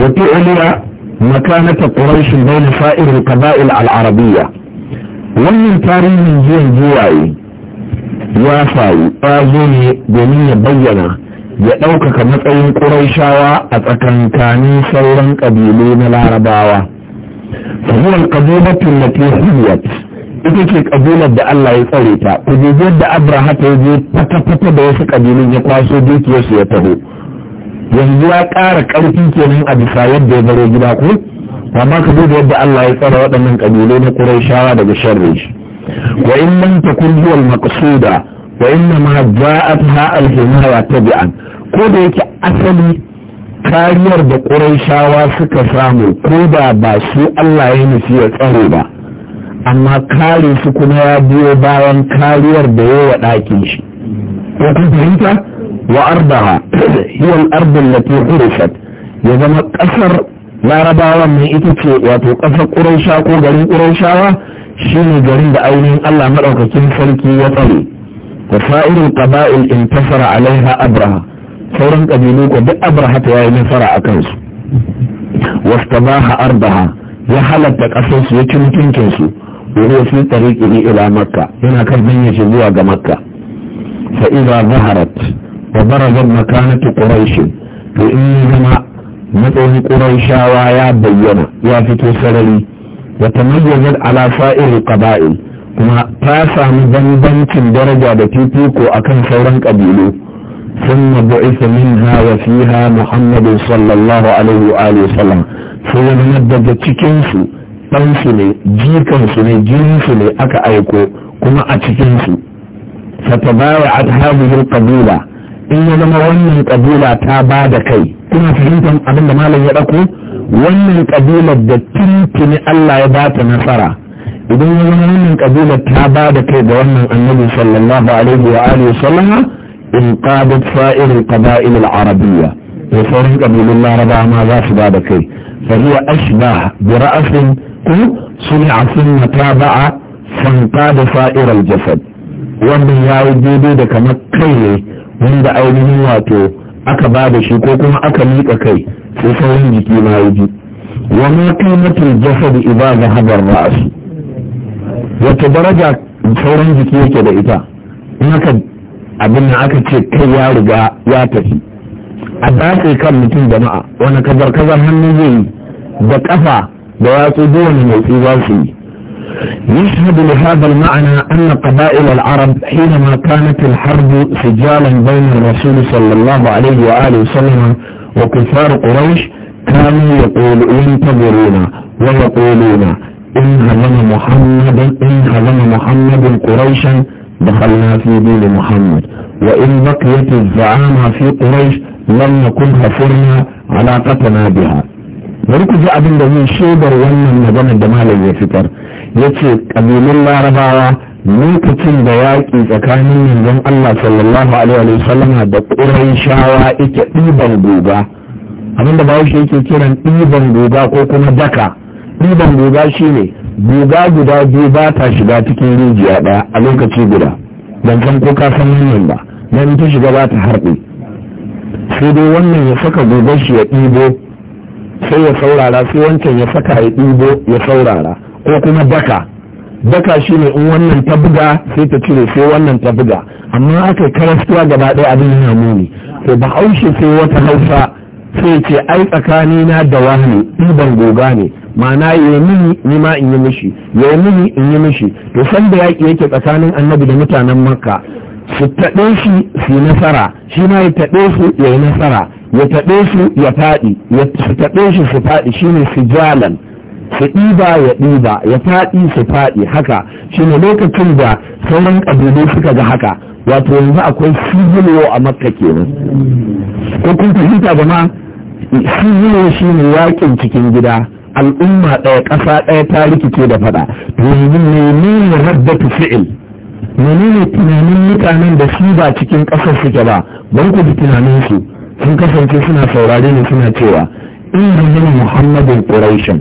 وتعلي مكانة قريش بين سائر القبائل العربية ومن تاريخ جيه جواي وافاي أظن بني بيّنه ya ɗaukaka matsayin ƙuraishawa a tsakankani sauran ƙabilu na larabawa fahimar ƙabilatun na tehiyat ita ce ƙabilar da Allah ya tsare ta ku je yadda abraha ta je fata-fata da wasu ƙabilun ya kwaso dukiyarsu ya taho yanzu ya ƙara ƙarfi kenan a bisa yadda ya baro gida ko amma ka duba yadda Allah ya tsara waɗannan ƙabilu na ƙuraishawa daga sharri wa in man takun huwa maqsuda wa inna ma za'at ha alhimaya tabi'an ko da yake asali kariyar da ƙurayshawa suka samu ko da ba su Allah ya nufi ya tsaro ba amma kare su kuma ya biyo bayan kariyar da yawa ɗakin shi ko kun fahimta wa ardaha hiya al-ardu allati hurifat ya zama kasar larabawan mai ita ce wato kasar quraisha ko garin quraishawa shine garin da ainihin Allah madaukakin sarki ya tsare wa fa'irin qaba'il intasara alaiha abraha sauran kabilu ko duk abraha ta yayi nasara a kansu baha arbaha ya halatta ƙasarsu su ya ci mutuncin su wani fi tariqi ila makka yana kan hanyar shi zuwa ga makka fa idza zaharat wa barazat makanatu quraish to in ya zama matsayin quraishawa ya bayyana ya fito sarari wa tamayyazat ala sa'ir qaba'il kuma ta samu bambancin daraja da fifiko kan sauran ƙabilu ثم بعث منها وفيها محمد muhammadu sallallahu alaihi وآله وسلم sai wani daga cikinsu ɗansu ne jikansu ne jininsu ne aka aiko kuma a cikinsu fatabawa a hajjiyar kabila in ya zama wannan kabila ta ba da kai kuna fahimtar abin da malam ya ɗauko wannan ƙabilar da tuntuni allah ya ba ta nasara idan ya wannan kabilar ta ba da kai ga wannan annabi sallallahu alaihi wa alihi sallama in qadat sa'ir qabail al-arabiyya da sauran kabilun laraba ma za su ba da kai fa hiya ashbah bi ra'sin ku sun'a thumma taba'a fan qada sa'ir al-jasad wannan yayi daidai da kamar kai ne wanda ainihin wato aka ba da shi ko kuma aka miƙa kai sai sauran jiki ma yi ji wa ma qimatul jasad idza dhahaba ar wata daraja sauran jiki yake da ita in haka abin da aka ce kai ya riga ya tafi a dace kan mutum jama'a wani kazar kazar hannu zai yi da kafa da yatsu duwani motsi za su yi يشهد لهذا المعنى أن قبائل العرب حينما كانت الحرب سجالا بين الرسول صلى الله عليه وآله وسلم وكفار قريش كانوا يقولون ينتظرون ويقولون ان هلم محمد ان هلم محمد قريشا دخلنا في دين محمد وان بقيت الزعامة في قريش لم نكن هفرنا علاقتنا بها ولكن جاء بين دمي شيبر وانا من دم الدمال اللي فكر يتي قبيل الله رباوة نوكتين بياكي زكاني من دم الله صلى الله عليه وسلم هذا قريشا وإيك إيبا الغوبا أمين دبعوش إيك كيران إيبا الغوبا كوكونا دكا ɗiban guga shi ne guga guda biyu ba ta shiga cikin rijiya ɗaya a lokaci guda don san ko ka san wannan ba don ta shiga ba ta harɗe sai dai wannan ya saka gugar shi ya ɗibo sai ya saurara sai wancan ya saka ya ɗibo ya saurara ko kuma daka daka shi ne in wannan ta buga sai ta cire sai wannan ta buga amma aka karastuwa gaba ɗaya abin yana muni to ba haushe sai wata hausa sai ce ai tsakani na da wani ɗiban goga ne ma'ana ya mini ni ma in yi mishi ya mini in yi mishi to san da yaƙi yake tsakanin annabi da mutanen makka su taɗe shi su nasara shi ma ya taɗe su ya yi nasara ya taɗe su ya faɗi ya taɗe shi su faɗi shi ne suɗiba su ɗiba ya ɗiba ya faɗi su faɗi haka shi ne lokacin da sauran ƙabilu suka ga haka wato yanzu akwai civil a makka kenan ko kun fahimta jama'a shi ne shi ne yakin cikin gida al'umma ɗaya ƙasa ɗaya ta rikice da faɗa to yanzu menene raddatu fi'il menene tunanin mutanen da shi ba cikin ƙasar suke ba ban ku tunanin su sun kasance suna saurare ne suna cewa in gani muhammadin ƙuraishin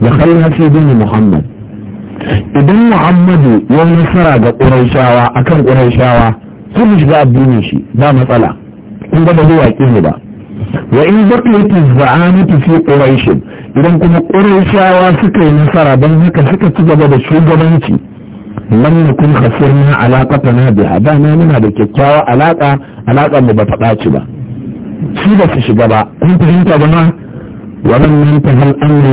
da kalla sai muhammad idan muhammadu ya nasara ga ƙuraishawa akan ƙuraishawa sun shiga addinin shi ba matsala kun ga ba zai waƙe ne ba wa in baqiyatu za'amatu fi quraish idan kuma quraishawa suka yi nasara don haka suka ci gaba da shugabanci lam nakun khasirna alaqatana biha da na muna da kyakkyawa alaƙa alaka mu bata ta ba shi ba su shiga ba kun fahimta ba wannan nan ta hal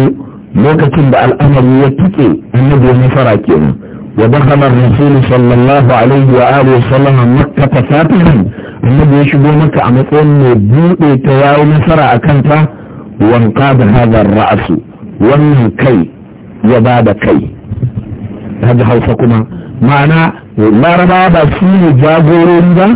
lokacin da al'amari ya tuke annabi ya nasara kenan ودخل الرسول صلى الله عليه وآله وسلم مكة فاتحا النبي يشبه مكة عم يقول بوئي تياو نصر أكنت وانقاد هذا الرأس ومن كي وباب كي هذا حوصكما معنى لا ربا بسيني جاغورين ذا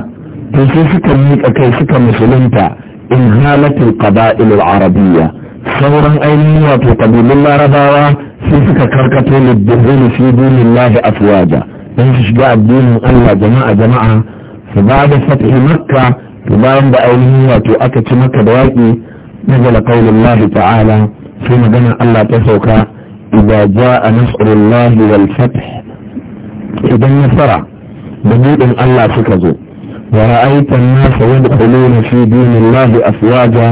تسيسك ميك أكيسك مسلمتا إنهالة القبائل العربية sauran ainihin wato kabilun larabawa sai suka karkato liddin fi dinin lahi afwaja don su shiga addinin allah jama'a jama'a su ba da fathi makka to bayan da ainihin wato aka ci maka da waƙi nazala qaulun lahi ta'ala sai magana allah ta sauka idan ja'a nasrullahi wal fath idan nasara da buɗin allah suka zo ورأيت الناس يدخلون في دين الله أفواجا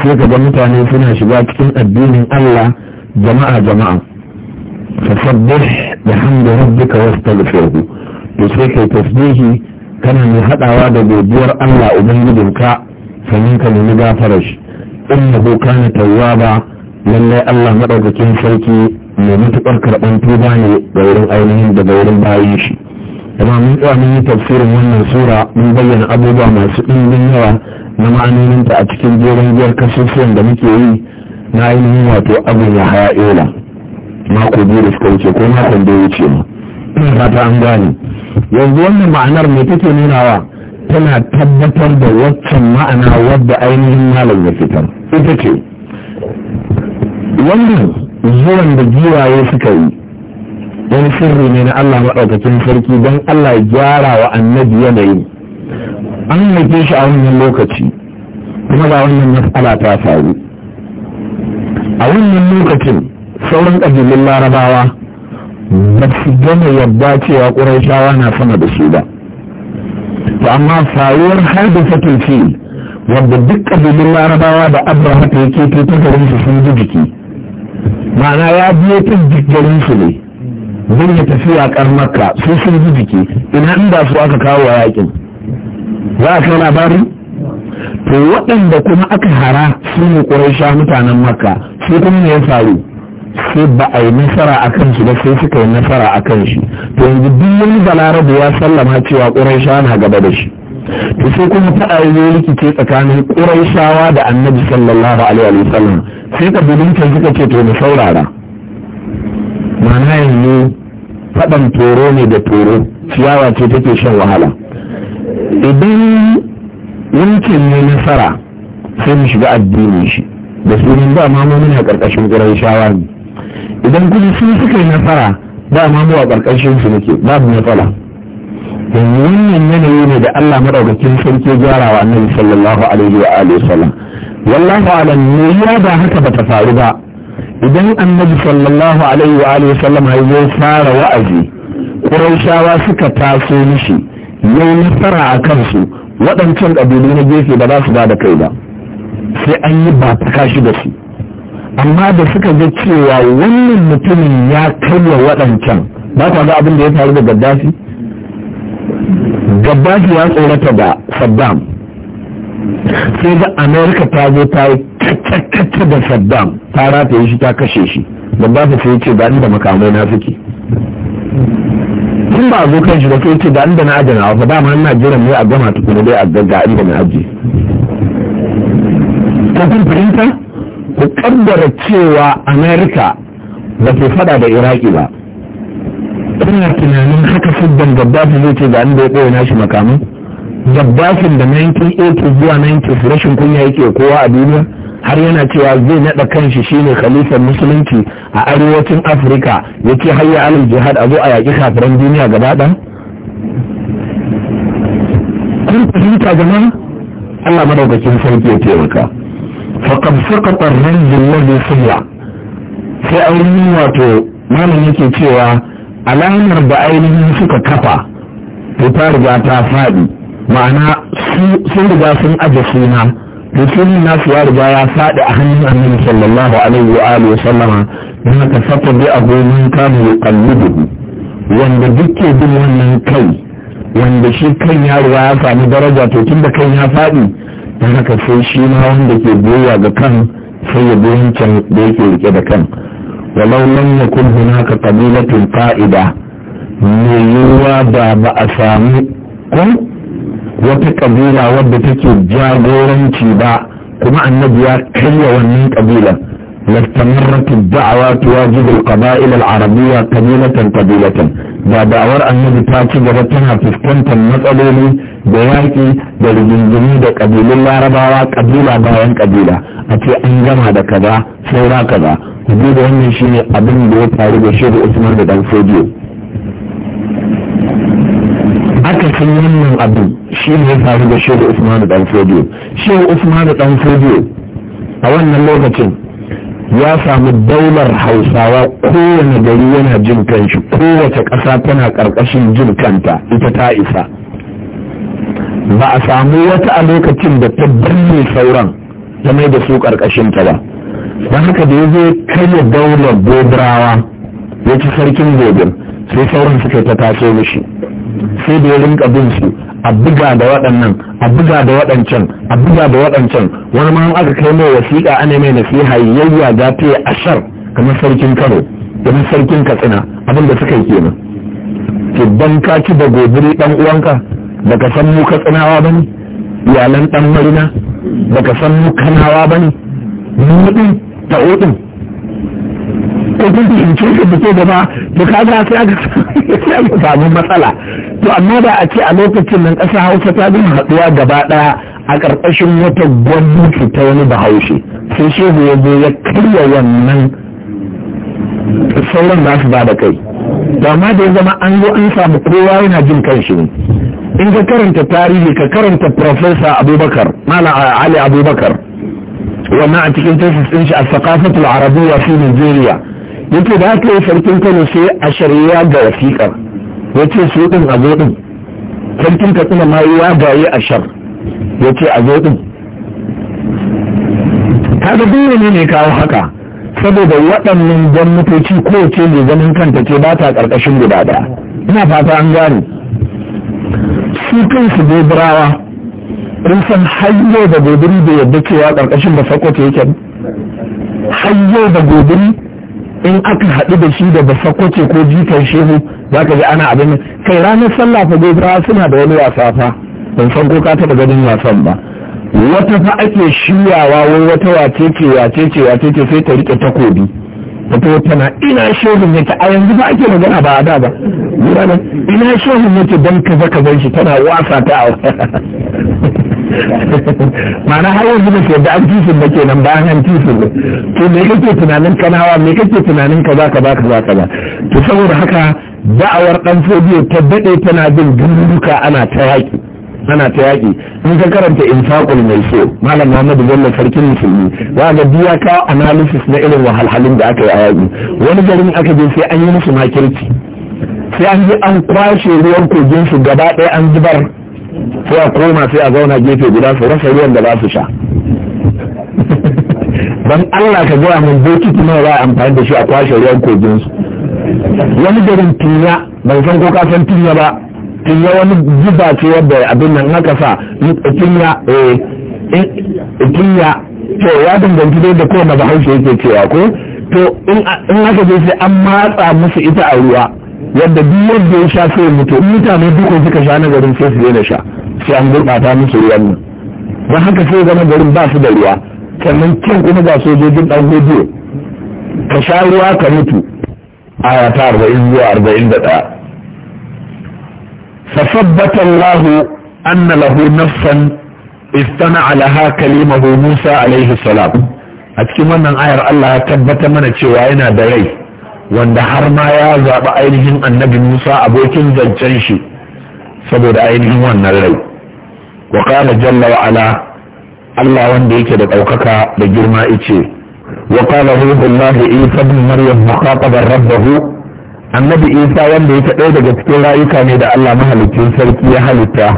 sai ka ga mutane suna shiga cikin addinin Allah jama'a jama'a fasabbih bihamdi rabbika wastaghfirhu to sai kai tasbihi kana mai hadawa da godiyar Allah ka sanin ka nemi gafarar shi innahu kana tawwaba lallai Allah madaukakin sarki mai mutukar karban tuba ne ga wurin ainihin daga wurin bayin shi kuma mun tsaya mun yi tafsirin wannan sura mun bayyana abubuwa masu ɗimbin yawa na ma'anoninta a cikin jerin biyar kasusuwan da muke yi na ainihin wato abin ya haya ela mako biyu da suka wuce ko makon da ya wuce ma fata an gane yanzu wannan ma'anar me take nunawa tana tabbatar da waccan ma'ana wadda ainihin malam ya fitar ita ce wannan zuwan da giwaye suka yi wani sirri ne na Allah maɗaukakin sarki don Allah gyara wa annabi yanayin an haife shi a wannan lokaci kuma ba wannan matsala ta faru a wannan lokacin sauran ƙabilun larabawa ba su gama yadda cewa ƙuraishawa na sama da su ba to amma faruwar har da fatin ce, wadda duk ƙabilun larabawa da ta yake tutun garinsu sun ji jiki ma'ana ya biyo tun garinsu ne zan yi tafiya kar makka sun sun ji jiki ina inda su aka kawo a yakin za a kai labari to waɗanda kuma aka hara su ne ƙuraisha mutanen makka sai kuma ne ya faru sai ba a yi nasara a kansu ba sai suka yi nasara a kan shi to yanzu duk wani balarabu ya sallama cewa ƙuraisha na gaba da shi to sai kuma faɗa ya rikice tsakanin ƙuraishawa da annabi sallallahu alaihi wa sallam sai ka bilinta suka ce to mu saurara mana yanzu faɗan toro ne da toro ciyawa ce take shan wahala idan yankin ne nasara sai mu shiga addini shi da sunan ba ma mu muna karkashin ƙurai shawa ne idan kuma sun suka yi nasara ba ma mu a karkashin su nake babu matsala yanzu wannan yanayi ne da Allah madaukakin sarki wa annabi sallallahu alaihi wa alihi wasallam wallahu alam ne ya da haka bata faru ba idan annabi sallallahu alaihi wa alihi sallam har zo fara wa'azi ƙurashawa suka taso mishi yau nasara a kansu waɗancan ƙabilu na gefe ba za su ba da kai ba sai an yi ba ta kashi da su amma da suka ga cewa wannan mutumin ya karya waɗancan ba ta ga abin da ya faru da gaddafi gaddafi ya tsorata da saddam sai da amerika ta zo ta yi kakkata da saddam ta rataye shi ta kashe shi gaddafi sai ce gani da makamai na suke in ba a zo kan shi da sai ce gani inda na adana ba dama ina jiran mai a gama tukuna dai a gagga inda na ajiye ta kun fahimta ku kaddara cewa amerika ba su fada da iraki ba ina tunanin haka siddan gaddafi zai ce gani da ya ɓoye nashi makamai gaddafin da 1980 zuwa 90 rashin kunya yake kowa a duniya har yana cewa zai naɗa kanshi shine khalifar musulunci a arewacin afirka ya ce hayya alal jihad a zo a yaƙi kafiran duniya gaba ɗan kun fahimta gama. allah madaukakin sarki ya taimaka faƙad faƙaɗar ranjin da sulla sai ainihin wato malam yake cewa alamar da ainihin suka kafa ta riga ta faɗi ma'ana sun riga sun aje suna mutumin nasu ya riga ya faɗi a hannun annabi sallallahu alaihi wa alihi wa sallama don haka fata bi agogon kama ya kalli wanda duk bin wannan kai wanda shi kan ya riga ya sami daraja to tun da kan ya faɗi don haka sai shi ma wanda ke goya ga kan sai ya goyi can da yake rike da kan walau lam yakun hunaka qabilatun fa'ida mai yiwuwa da ba a samu kun wata kabila wadda take jagoranci ba kuma annabi ya karya wannan kabilan لاستمرت الدعوة تواجد القبائل العربية قبيلة قبيلة da da'awar annabi ta ci gaba tana fuskantar matsaloli da yaƙi da rigingimu da ƙabilun larabawa ƙabila bayan ƙabila a ce an gama da kaza saura kaza duk da wannan shine abin da ya faru da shehu usman da dan fodiyo akasin wannan abin shi ne ya faru da shehu usmanu dan fodiyo shehu usmanu dan fodiyo a wannan lokacin ya samu daular hausawa kowane gari yana jin kanshi kowace ƙasa tana ƙarƙashin jin kanta ita ta isa ba a samu wata a lokacin da ta danne sauran ta mai da su ƙarƙashinta ba don haka da ya zo daular gobrawa ya ci sarkin gobe. sai sauran suka ta taso mishi sai da ya rinka bin su a buga da waɗannan a buga da waɗancan a buga da waɗancan wani ma aka kai mai wasiƙa ana mai nasiha yayya za ta yi ashar kamar sarkin kano kamar sarkin katsina abin da suka yi kenan to dan ka ci da gobiri dan uwanka baka san mu katsinawa bane iyalan dan marina baka san mu kanawa bane mu din ta odin ko kun fahimce shi da ba za su sai aka samu matsala to amma ba a ce a lokacin nan ƙasa hausa ta zama haɗuwa gaba ɗaya a ƙarƙashin wata gwamnati ta wani bahaushe sai shehu ya zo ya karya wannan sauran za su ba da kai to amma da ya zama an zo an samu kowa yana jin kan shi in ka karanta tarihi ka karanta profesa abubakar malam ali abubakar wannan a cikin tesis ɗin shi a sakafatul arabiya fi nigeria yake da haka yi sarkin kano sai a shari'a ga wasiƙa ya ce su ɗin a zoɗin sarkin katsina ma yi gaye a shar ya ce a zo ta ga dole ne kawo haka saboda waɗannan gwamnatoci kowace mai ganin kanta ce ba ta ƙarƙashin guda ɗaya ina fata an gane su kansu birawa in san hayyo da gobiri da yadda cewa ƙarƙashin da sakwato yake hayyo da gobiri in aka haɗu da shi da basa ko jikan shehu za ka ji ana abin kai ranar sallah fa gobe suna da wani wasa fa ban san ko ka taɓa ganin wasan ba wata fa ake shiryawa wai wata wace ce wace ce wace ce sai ta rike takobi ta tana ina shehun yake a yanzu ba ake magana ba a da ba ina ne yake don kaza kazan shi tana wasa ta a mana har yanzu ba ke da an tisin da kenan bayan an kifin ne to me kake tunanin kanawa me kake tunanin ka za ka ba to saboda haka da'awar dan fodiyo ta daɗe tana bin duka ana ta yaƙi ana ta yaƙi in ka karanta infaqul mai so malam muhammadu bello sarkin musulmi za ga biya ka analysis na irin wahalhalun da aka yi a yaƙi wani garin aka je sai an yi musu makirci sai an yi an kwashe ruwan kogin su gaba ɗaya an zubar sai a koma sai a zauna gefe guda su rasa ruwan da za su sha don Allah ka gaya min bokiti nawa za a amfani da shi a kwashe ruwan kogin su wani garin tinya ban san ko kasan tinya ba tinya wani zuba ce wadda abin nan haka sa tinya eh tinya to ya danganci dai da kowane bahaushe yake cewa ko to in aka je sai an matsa musu ita a ruwa yadda duk yadda ya sha sai mutu in mutane duka suka sha na garin sai su daina sha sai an gurɓata musu ruwan nan don haka sai zama garin ba su da ruwa sannan can kuma ga sojojin ɗan gobe ka sha ruwa ka mutu aya ta arba'in zuwa arba'in da ɗaya فثبت الله أن له نفسا استمع لها كلمه موسى عليه السلام أتكلم أن آير الله تبت من تشوائنا دليل wanda har ma ya zaɓi ainihin annabi musa abokin zancen shi saboda ainihin wannan rai wa kana jalla wa ala allah wanda yake da ɗaukaka da girma ice wa kana ruhullahi isa ibn maryam muqataban rabbahu annabi isa wanda yake ɗaya daga cikin rayuka ne da allah mahalicin sarki ya halitta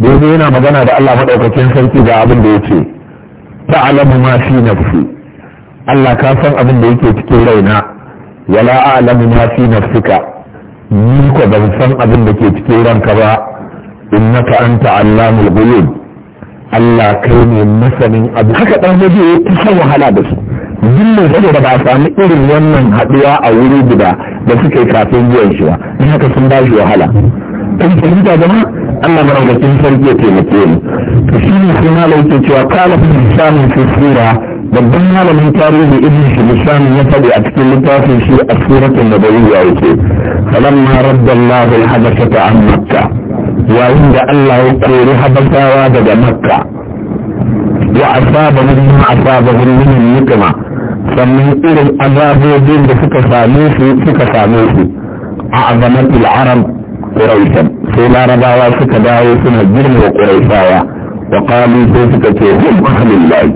domin yana magana da allah maɗaukakin sarki ga abin da yake ta'lamu ma fi nafsi allah ka san abin da yake cikin raina wala a'lamu ma fi nafsika ni ko ban san abin da ke cikin ranka ba innaka anta allamul ghuyub Allah kai ne masanin abu haka dan waje ya fi wahala da su dillin da ba a sami irin wannan haduwa a wuri guda da suke kafin zuwan shi ba haka sun ba shi wahala kan fahimta jama'a Allah maraukakin sarki ya taimake ni to shine sai malai cewa kala fi samun fi babban malamin tarihi ibn hibban ya faɗi a cikin littafin shi a suratul nabawiyya yake falamma raddallahu al-hadatha an makka yayin da Allah ya kori habasawa daga makka wa asabahum ma asabahum min nikma sannan irin azabobin da suka same su suka same su a azamatul arab quraishan sai larabawa suka dawo suna girma quraishawa wa qalu sai suka ce hum ahlul lahi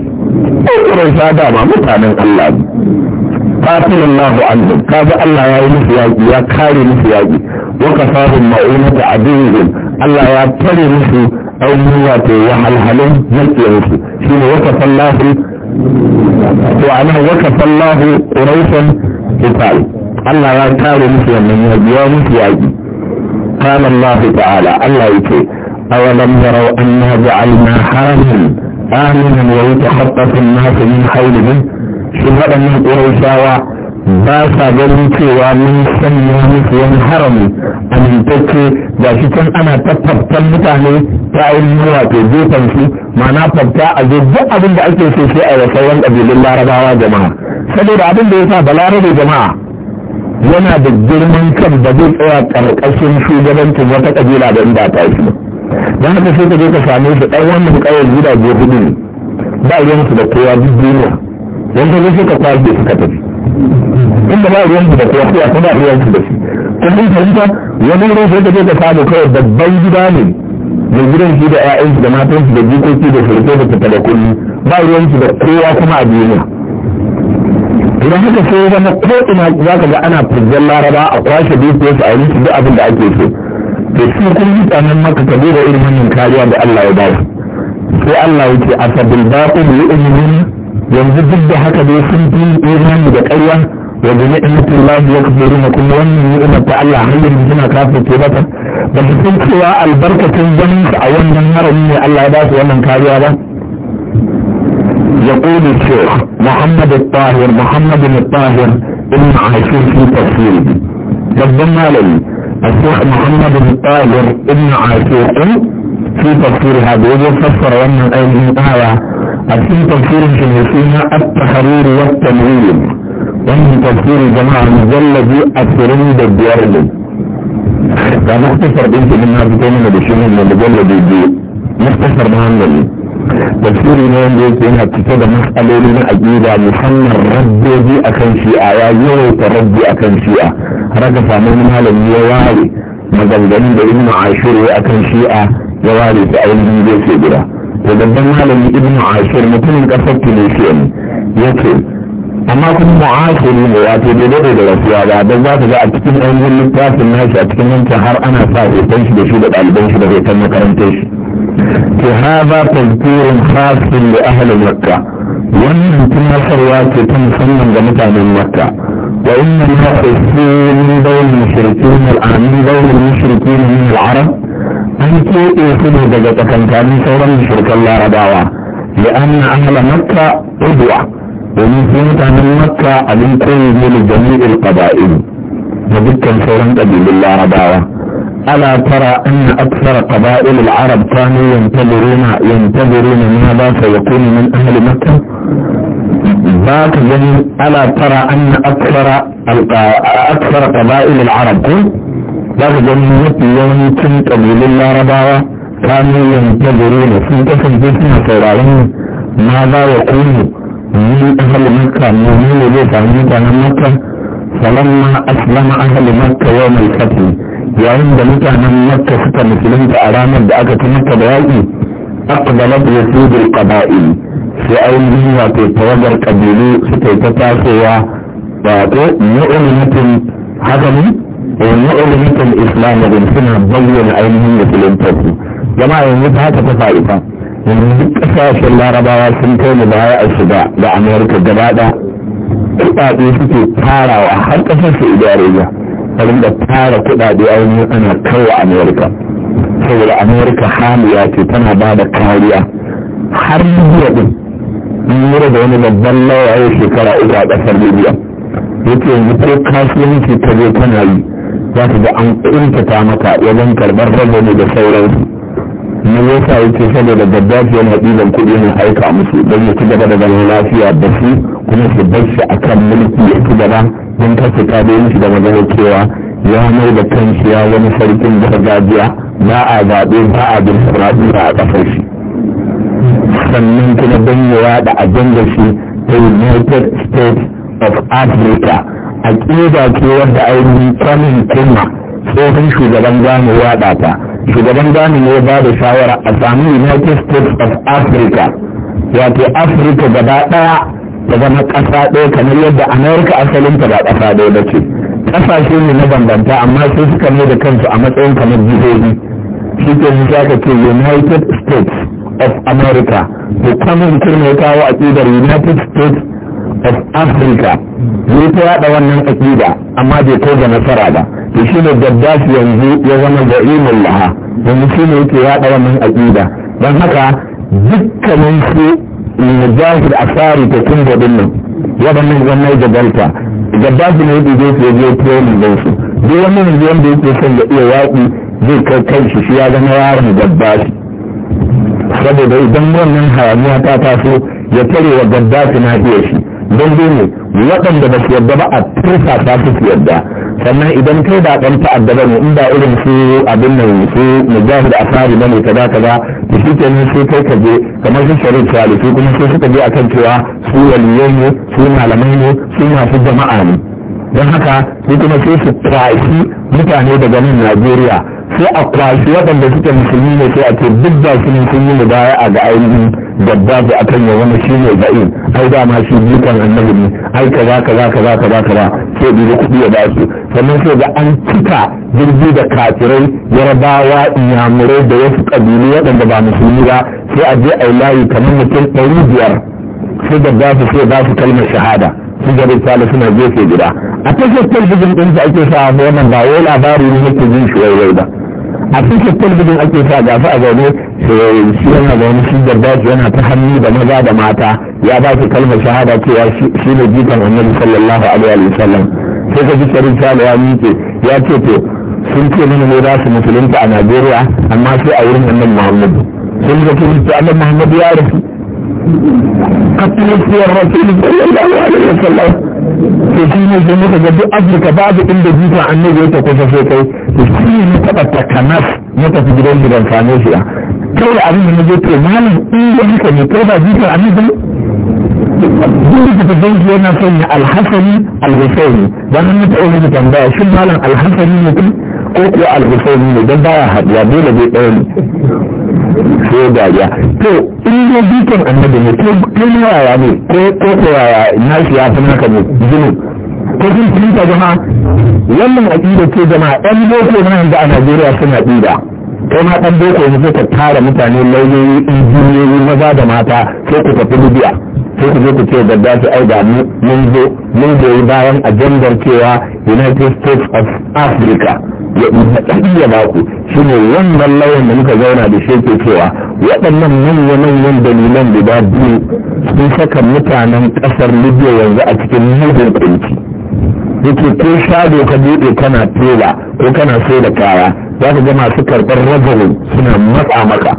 ƙoƙarin sada ma mutanen Allah ne fatilan lahu anhum kaga Allah ya yi musu yaƙi ya kare musu yaƙi wa kasahum ma'unata aduwwihim Allah ya tare musu ainihin wato musu. Shi ne wa kasallahu to ana wa kasallahu quraisan kitab Allah ya kare musu wannan yaƙi ya musu yaƙi قال الله تعالى الله يكي أولم يروا أنا جعلنا حرما آمنا ويتخطف الناس من حولهم shi waɗannan ƙuraishawa ba sa ganin cewa mun sanya musu wani harami amintacce ga shi can ana tattaftan mutane ta ainihin wato gefen su ma'ana fafta a zo duk abin da ake so sai a yi sauran ƙabilun larabawa jama'a saboda abin da ya sa balarabe jama'a yana da girman kan da zai tsaya ƙarƙashin shugabancin wata ƙabila da inda ta yi. don haka sai ka je ka same shi ɗan wannan ƙawar gidaje hudu ne ba su da kowa duk duniya don ka zo sai ka kwaje su ka tafi inda ba su da kowa sai ba kuma su da shi kun yi fahimta wani wurin sai ka je ka samu kawai babban gida ne da gidan shi da 'ya'yansu da matansu da jikoki da shirke da fita da kulli ba ruwansu da kowa kuma a duniya idan haka sai ya zama ko ina za ka ga ana fujjan laraba a kwashe dukiyarsu a yi su duk abin da ake so to su kun mutanen maka ka duba irin wannan kariya da Allah ya bayar sai Allah ya ce asabil baqil yu'minun yanzu duk da haka dai sun fi imani da ƙarya wa bi ni'matillahi yakfuruna kuma wannan ni'imar ta Allah har yanzu suna kafirce mata ba su san cewa albarkacin ganin a wannan harami ne Allah ya ba su wannan kariya ba يقول الشيخ محمد الطاهر محمد الطاهر ابن عاشور في تفسيره ربنا لي الشيخ محمد بن طاهر ابن عاشور في تفسير هذه فسر لنا الآية في تفسير شمسينا التحرير والتنوير ومن تفسير الجماعة المجلدي الترمي بالديار لنا نختصر بنت من هذه الكلمة بالشمال المجلدي دي mustafar muhammad tafsiri ne wanda yake yana cike da matsaloli na aƙida musamman rabbobi a kan shi'a ya yawaita rabbi a kan shi'a har aka samu malami ya ware maganganun da ibnu ashur ya a kan shi'a ya ware ta ainihin gefe gida da babban malami ibnu ashur mutumin ƙasar tunisiya ne yake amma kuma mu'asiri ne wato bai daɗe da rasuwa ba don za ta ga a cikin ɗan littafin nashi a cikin yankin har ana sa hoton shi da shi da ɗaliban shi da hoton makarantar shi فهذا تذكير خاص لأهل مكة ومن ثم الحريات تنصنم من مكة وإنما خصوا من دول المشركين الآن من دول المشركين من العرب أن يأخذوا أن كان ثورا مشرك الله رباوة لأن أهل مكة أدوى ومن ثم مكة أن يكون لجميع القبائل وبكا ثورا قبيل الله رباوة ألا ترى أن أكثر قبائل العرب كانوا ينتظرون ينتظرون ماذا سيكون من أهل مكة ذاك جميل ألا ترى أن أكثر أكثر قبائل العرب ذاك جميل يوم كنت أقول الله رباوة كانوا ينتظرون كنت سنتظرون سيراون ماذا يكون من أهل مكة من أهل مكة falamma aslama ahli makka mai fath yayin da mutanen makka suka musulunta a ranar da aka ci maka da yaƙi aqbalat yasudul qaba'il sai ainihin wato tawagar kabilu suka yi ta tasowa wato mu'minatin haka ne mu'minatin islamin suna bayyana ainihin musuluntarsu jama'a yanzu ta haka ta fa'ifa yanzu duk ƙasashen larabawa sun kai mu baya a shiga da amurka gaba kuɗaɗe suke tarawa har ƙasar saudi arabia ta da tara kuɗaɗe ainihin ana kawo amerika saboda amerika haliya ce tana ba da kariya har libya din an lura da wani babban lawa ya shekara uku a ƙasar libya yake yanzu ko kasuwanci ta zo tana yi za ta ga an kuntata maka wajen karɓar rabo da sauransu me yasa yake saboda gaddafi yana ɗiban kuɗi ne aika musu don ya ci gaba da lafiya da su kuma su bar shi akan mulki ya ci gaba don kasa shi da magana cewa ya mai da kanshi ya wani sarkin gargajiya ba a zaɓe ba a bin a ƙasar shi sannan kuma don ya yaɗa ajandar shi ta united states of africa a da ce wanda ainihin kwanin kuma tsohon shugaban zamu yaɗa ta shugaban gani ne ba da shawara a sami united states of africa wato afirka gaba daya ta zama ƙasa ɗaya kamar yadda amerika asalinta ba ƙasa ɗaya ba ce ƙasashe ne na bambanta amma sai suka mai da kansu a matsayin kamar jihohi shi ke musa ka ce united states of america to kwanan kirme kawo aƙidar united states of Africa ya ta yada wannan aƙida amma bai kai ga nasara ba to shi ne Gaddafi yanzu ya zama da imin laha shi ne yake yada wannan aƙida don haka dukkanin su mujahid asari ta tun gobin nan waɗannan gwamnati da delta Gaddafi ne yake je su ya je training don su duk wani yanzu wanda yake son ya iya yaƙi zai kai kanshi shi ya zama yaron Gaddafi saboda idan wannan hayaniya ta taso ya tare wa Gaddafi na iya shi don ne waɗanda ba su yarda ba a turfa ta su yarda sannan idan kai ba ɗan ta'adda ba ne in ba irin su abin nan su mujahid asari ba ne kaza kaza da shi kenan sai kai ka je kamar su sharif salisu kuma sai suka je akan cewa su waliyai ne su malamai ne su masu jama'a ne don haka su kuma sai su kwashi mutane daga nan najeriya sai a kwashi waɗanda suke musulmi ne sai a ce duk da su sun yi mubaya a ga ainihin gaddafi a kan yawan shi ne ba'in ai dama shi dukan annabi ne ai kaza kaza kaza kaza kaza sai dubi kuɗi ya basu sannan sai ga an cika jirgi da kafirai yarabawa iyamurai da wasu ƙabilu waɗanda ba musulmi ba sai a je a yi layi kamar mutum ɗari biyar sai gaddafi sai ba su kalmar shahada garin kwale suna gefe gida a talbijin ɗin su ake sa wannan ba wai labari ne yake jin shi waiwai ba a tashar talbijin ake sa gafi a zaune shi yana zaune shi gardaji yana ta hannu da maza da mata ya ba shi kalmar shahada cewa shi ne jikan annabi sallallahu alaihi wa sallam sai ka ji karin kwale ya miƙe ya ce to sun ce mana ne za su musulunta a najeriya amma sai a wurin annabi muhammadu sun ga kirista annabi muhammadu ya rasu قتل في الرسول صلى الله عليه وسلم في حين جنوك جدو أجلك بعد إن بجيك عن نبي يتكوش فيك في حين نتبع تكنف نتفجرين جدا فانوشيا كي أريد أن يجيك مال إن جنوك نتبع جيك عن نبي دون تتبعين لنا فين الحسني الغسيني دعنا نتعوه نتنبع شو مالا الحسني نتبع أوكو الغسيني نتبع هدوا دولة بيقين ko dariya to in dai dukan annabi ne ko yaya ne ko ko na shi ya fi naka ne zinu ko kun fahimta jama'a wannan aƙida ce jama'a ɗan boko na yanzu a Najeriya suna ɗida kai ma ɗan boko ne suka tara mutane lauyoyi injiniyoyi maza da mata sai ku tafi Libya sai ku je ku ce gaddafi ai mun zo mun goyi bayan ajandar cewa united states of africa ya ba baku shi ne wannan lawan da muka zauna da shi ke cewa waɗannan manya-manyan dalilan guda biyu sun saka mutanen ƙasar libya yanzu a cikin mugun ƙunci yake ko shago ka buɗe kana tela ko kana so da kaya za ka ga masu karɓar rajulun suna matsa maka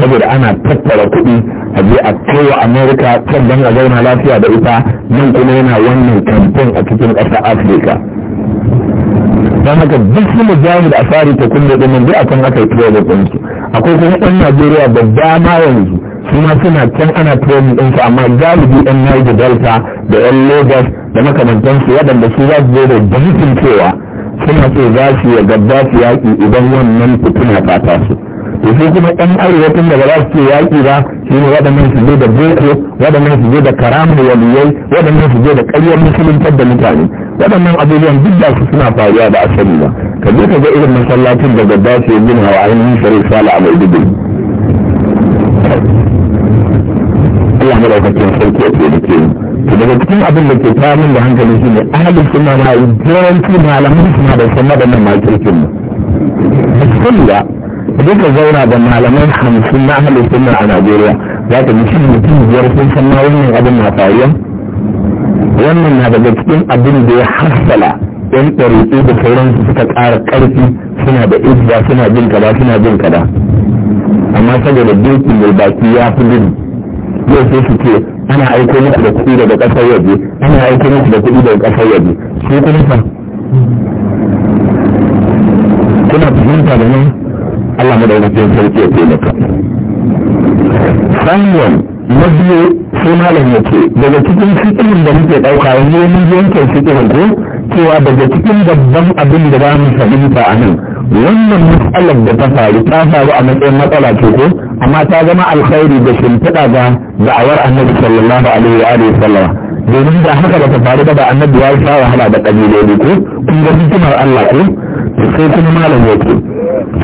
saboda ana tattara kuɗi a je a kai wa amerika can don a zauna lafiya da ita nan kuma yana wannan kamfen a cikin ƙasa afirka don haka duk su jami da asari ta kulle ɗin duk a kan aka yi tuwa ɗinsu akwai kuma ɗan najeriya da dama yanzu su ma suna can ana training ɗinsu amma galibi ɗan niger delta da ɗan lagos da makamantansu waɗanda su za su zo da jinsin cewa suna so za su yi su yaƙi idan wannan fitina ta taso to sai kuma ɗan arewa tun daga za su ce yaƙi ba shi ne waɗannan su je da boko waɗannan su je da karamu waliyai waɗannan su je da ƙaryar musuluntar da mutane waɗannan abubuwan duk da su suna faruwa da asali ba ka je ka ga irin masallacin da gadda ce gina wa ainihin sharif sala a maiduguri Allah madaukakin sarki a ce da ke to daga cikin abin da ke kawo da hankali shi ne ahalin suna na yawanci malaman suna da san waɗannan makirkin mu. Bismillah duka zauna da malamai hamsin na ahalin sunna a najeriya za ka mutum mutum biyar sun san ma wannan abin na faruwa wannan na daga cikin abin da ya hassala yan ɗariƙi da sauransu suka ƙara ƙarfi suna da izza suna jin kada suna jin kada amma saboda dokin mai baki ya fi gudu yau sai su ce ana aiko musu da kuɗi daga ƙasar waje ana aiko musu da kuɗi daga ƙasar waje su kuma fa kuna fahimta da nan Allah madaukakin sarki ya taimaka sanyan na biyu sai malam ya ce daga cikin fikirin da muke ɗauka yanzu mun yankin fikirin ko cewa daga cikin babban abin da za mu fahimta a nan wannan matsalar da ta faru ta faru a matsayin matsala ce ko amma ta zama alkhairi da shimfiɗa ga da'awar annabi sallallahu alaihi wa alihi sallama domin da haka ba ta faru ba da annabi ya sha wahala da kabiloli ko kun ga hikimar Allah ko يخيط ما لديك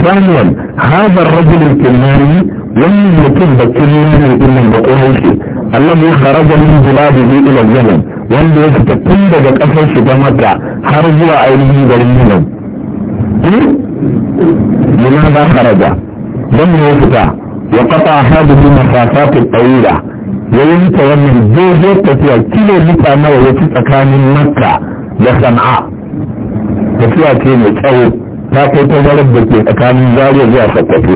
ثانيا هذا الرجل الكلماني لم يكن بكلماني إلا بقول شيء الذي خرج من بلاده إلى اليمن والذي يكتبون بك أفل شبامك خرجوا عينه إيه؟ لماذا خرج لم يفتع وقطع هذه المسافات الطويلة ويمتغن الزوجة تتأكيد لتأمل وتتأكيد من مكة لصنعاء tafiya ce mai tsawo ta kai tazarar da ke tsakanin zariya zuwa sakkwato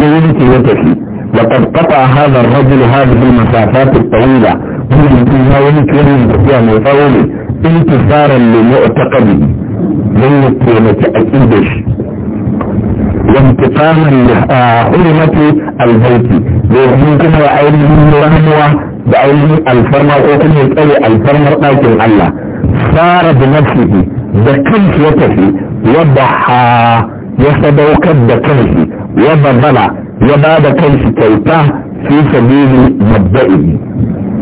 ya yi nufi ya tafi وقد قطع هذا الرجل هذه المسافات الطويلة من فيها ويمكن فيها من طول انتصارا لمعتقده من متأكدش وانتقاما لحرمة البيت وممكن وعينه رهنوة بعين الفرمر وكل يتقوي الفرمر لكن الله صار بنفسه da kansu ya tafi wadda ha ya sadaukar da kansu wadda bala ya ba da kansu kyauta fi sabili mabda'i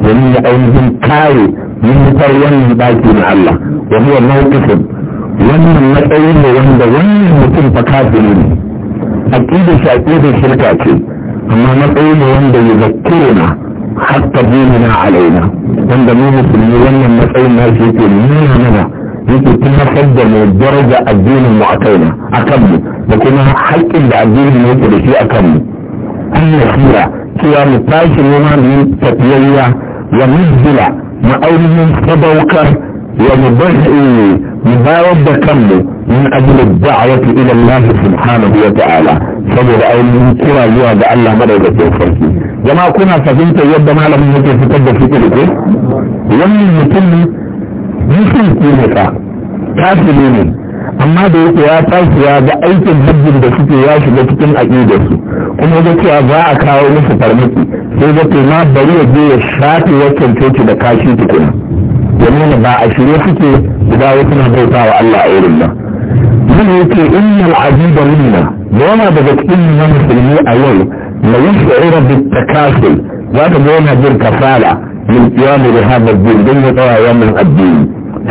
domin ya ainihin kare yin wutar wannan baki na Allah wa huwa mawqifun wannan matsayin ne wanda wannan mutum fa kafiri ne aqidar shi aqidar shirka ce amma matsayi ne wanda ya zakkiruna hatta dinina alaina wanda mu musulmi wannan matsayin na shi yake nuna mana yake tafasar da mai daraja addinin mu a kaina a kanmu da kuma haƙƙin da addinin mu yake da shi a kanmu an nasira cewa mu tashi nema mu tafiyayya wa mujbila mu ainihin sadaukar wa mu bari mu bayar da kanmu min ajli da'wati ila Allah subhanahu wa ta'ala saboda ainihin kira zuwa ga Allah madaukakin sarki jama'a kuna fahimtar yadda malamin yake fitar da fikir ko wannan mutum musulmi ne fa kafiri ne amma da yake ya tashi ya ga aikin hajjin da suke ya shiga cikin aƙidar su kuma ga cewa za a kawo musu farmaki sai ga to ma bari ya je ya shafe wancan coci da kashi tukuna ya ba a shirye suke guda wasu na bauta wa Allah a irin nan mun yake innal aziba minna yana daga cikin musulmi a yau la yash'uru bit takasul za ta ga yana jin kasala من قيام لهذا الدين بين قوام الدين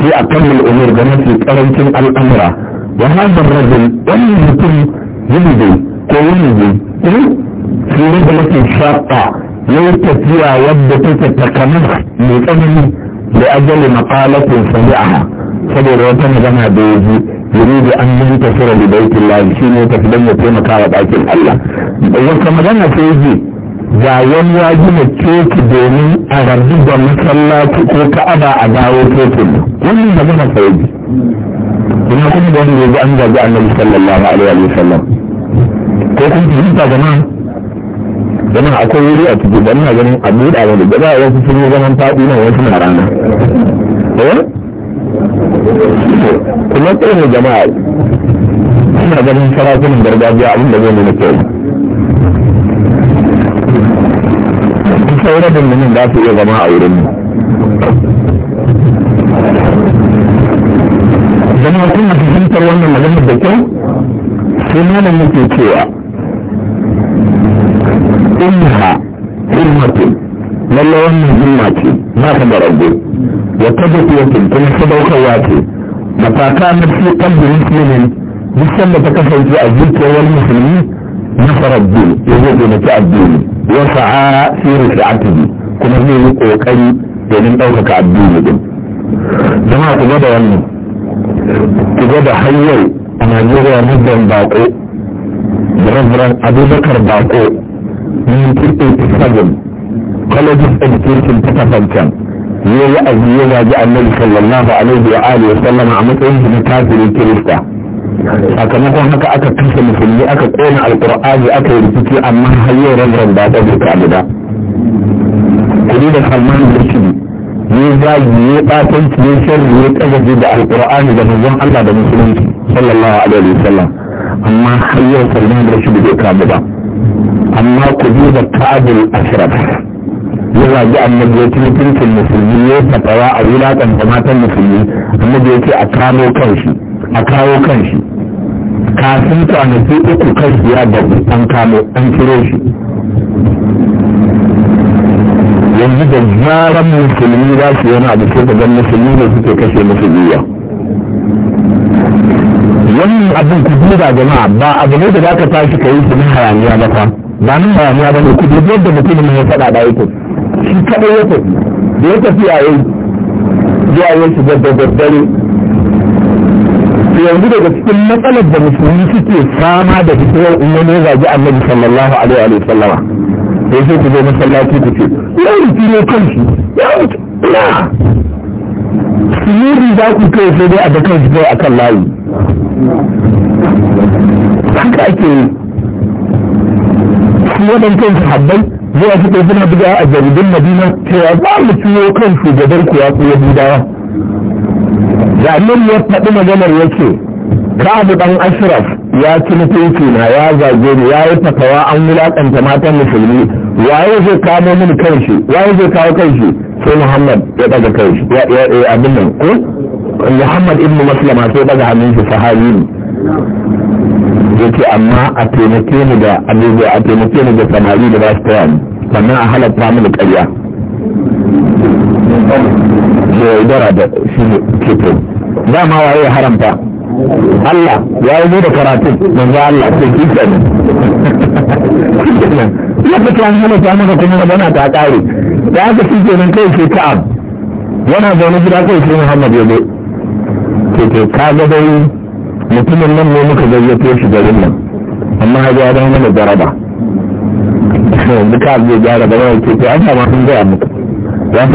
في اقل الامور بنفسك اغنتم الامر وهذا الرجل ولدكم ولدي كولدي في نبلة شاقة ليس فيها يد تلك التكامل لأجل مقالة سمعها فلو وطن لنا بيجي يريد ان ينتصر لبيت الله شنو تتبنى في مقالة بيت الله وكما لنا بيجي ga wani ya gina coci domin a rabu da masallaci ko ka'aba a dawo cocin wannan magana sauri kuma kuma da wanda ya ji an zaɓi annabi sallallahu alaihi wa sallam ko kun fahimta jama'a zama akwai wuri a ciki don na ganin a buɗa wani gaba a wasu sun yi zaman faɗi na wasu na rana eh? kuma tsaye jama'a ina ganin sarakunan gargajiya abin da zai nuna kyau kusan rabin mutum za su iya zama a wurin mu zama kuna fahimtar wannan magana da kyau sai malam yake cewa innaha himmatun lallai wannan himma ce ba ta da ta wa tabbatiyatin kuma sadaukarwa ce mataka na fi kalbin musulmin duk sanda ta kasance a zuciyar musulmi نصر الدين يزيد متاع الدين وسعى في رفعته كما زي kokari domin ɗaukaka addini din jama'a ku gwada wannan ku gwada hanyar a najeriya muddin bako da rabaran abubakar bako 1987 college of education ta kafancan ya yi aziye ga ji annabi sallallahu alaihi wa alihi wa sallama a matsayin shi na tasiri kirista sakamakon haka aka kashe musulmi aka kona alkur'ani aka yi rikici amma har yau rabaran ba ta bai kamu ba kudi da salman rashidi ne zagi ne batanci ne sharri ne kazafi da alkur'ani da manzon allah da musulunci sallallahu alaihi sallam amma har yau salman rashidi bai kamu ba amma kudi da ka'adul ashraf ya zagi annabi ya ci mutuncin musulmi ya fatawa a wulaƙanta matan musulmi annabi ya ce a kamo kanshi a kawo kan shi kafin kwanaki uku kan shi ya da an kamo an kiro shi yanzu da zaran musulmi za su yana da sai ga musulmi da suke kashe musulmi yanzu wannan abin ku duba jama'a ba abu ne da za ka tashi ka yi su na hayaniya ba fa ba nan hayaniya ba ne ku dubi yadda mutum ya faɗa da yake shi kaɗai ya tafi da ya tafi a yi zuwa yau shi da daddare yanzu daga cikin matsalar da musulmi suke fama da fitowar umman ya zagi annabi sallallahu alaihi wa sallama sai sai ku zo masallaci ku ce ya rufi ne kanshi ya rufi na sirri za ku kai sai dai a da kanshi kai akan layi haka ake yi su waɗancan sahabbai zuwa suka suna buga a jaridun madina cewa za mu ciwo kan shugaban ku ya ku yahudawa da annabi ya faɗi maganar yake Ka'abu dan Ashraf ya ci mutunci na ya zage ni ya yi fatawa an wulakanta matan musulmi waye zai kamo min kanshi waye zai kawo kanshi sai Muhammad ya daga kanshi ya ya abin nan ko Muhammad ibn Maslama sai daga hannun shi sahabi ne yace amma a taimake ni da abubuwa a taimake ni da samari da basu taya ni sannan a halatta mini ƙarya. Sai dara da shi ne dama waye ya haramta Allah ya yi da karatu manzo Allah sai kike ne ya fi an hana ta maka kuma bana ta kare da aka kike nan kai ke ka'ab yana zaune gida kai ke Muhammad ya zo ke ke ka ga yi mutumin nan ne muka gayyato shi garin nan amma har ya dawo mana jaraba duka zai gyara da ke ke an samu sun gaya muku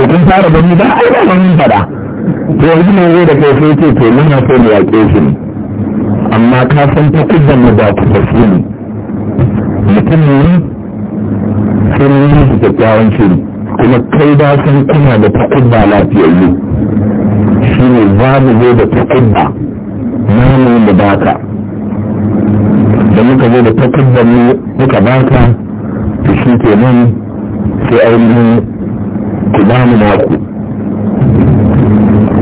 fi kun fara gani ba yi ba mun fada to yanzu na zo da kai sai ce to muna so mu yaƙe shi ne amma ka san ta kudin mu ba ku tafi ne mutum ne sai mun yi su kyakkyawan shiri kuma kai ba san kuna da ta kudda lafiyayyu shi ne za mu zo da ta kudda namu mu baka da muka zo da ta kudda mu muka baka to shi ke nan sai ainihin ku ba mu naku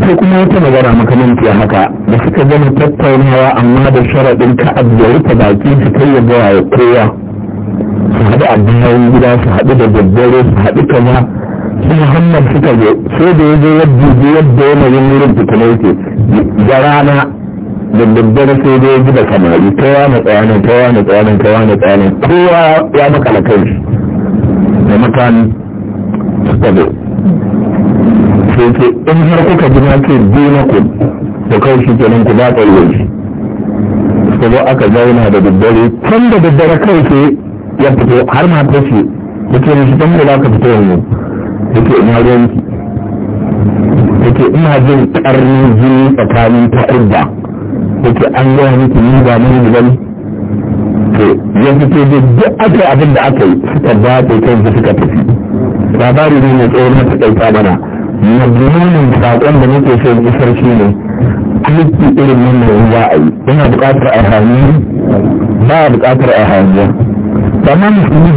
akwai kuma wata magana makamanci haka da suka gama tattaunawa amma da sharaɗin ka'ab ya rufe baki su kai ya gawa ya koya su haɗu a bayan gida su haɗu da daddare su haɗu kaza su muhammad suka zo sai da ya zo yadda yadda yanayin wurin fitina yake da rana da daddare sai dai ya ji samari kowa na tsayanin kowa na tsayanin kowa na tsayanin kowa ya makala kai da mutane suka zo ce yake in har kuka ji na ce ku da kai shi kenan ku ba ƙayyar shi kuma aka zauna da daddare tun da daddare kai ce ya fito har ma ta ce ya ce mishi dan za ka fito yanzu ya ce ina ruwanki ya ce ina jin ƙarnin jini tsakanin ta'adda ya ce an gaya miki ni ba mun da ke ya fito da duk aka abin da aka yi suka ba ta su suka tafi labari ne mai tsohon mata ɗauka mana mazmunin sakon da nake so isar shi ne aiki irin wannan a yi yana buƙatar a ba a buƙatar a hannu sannan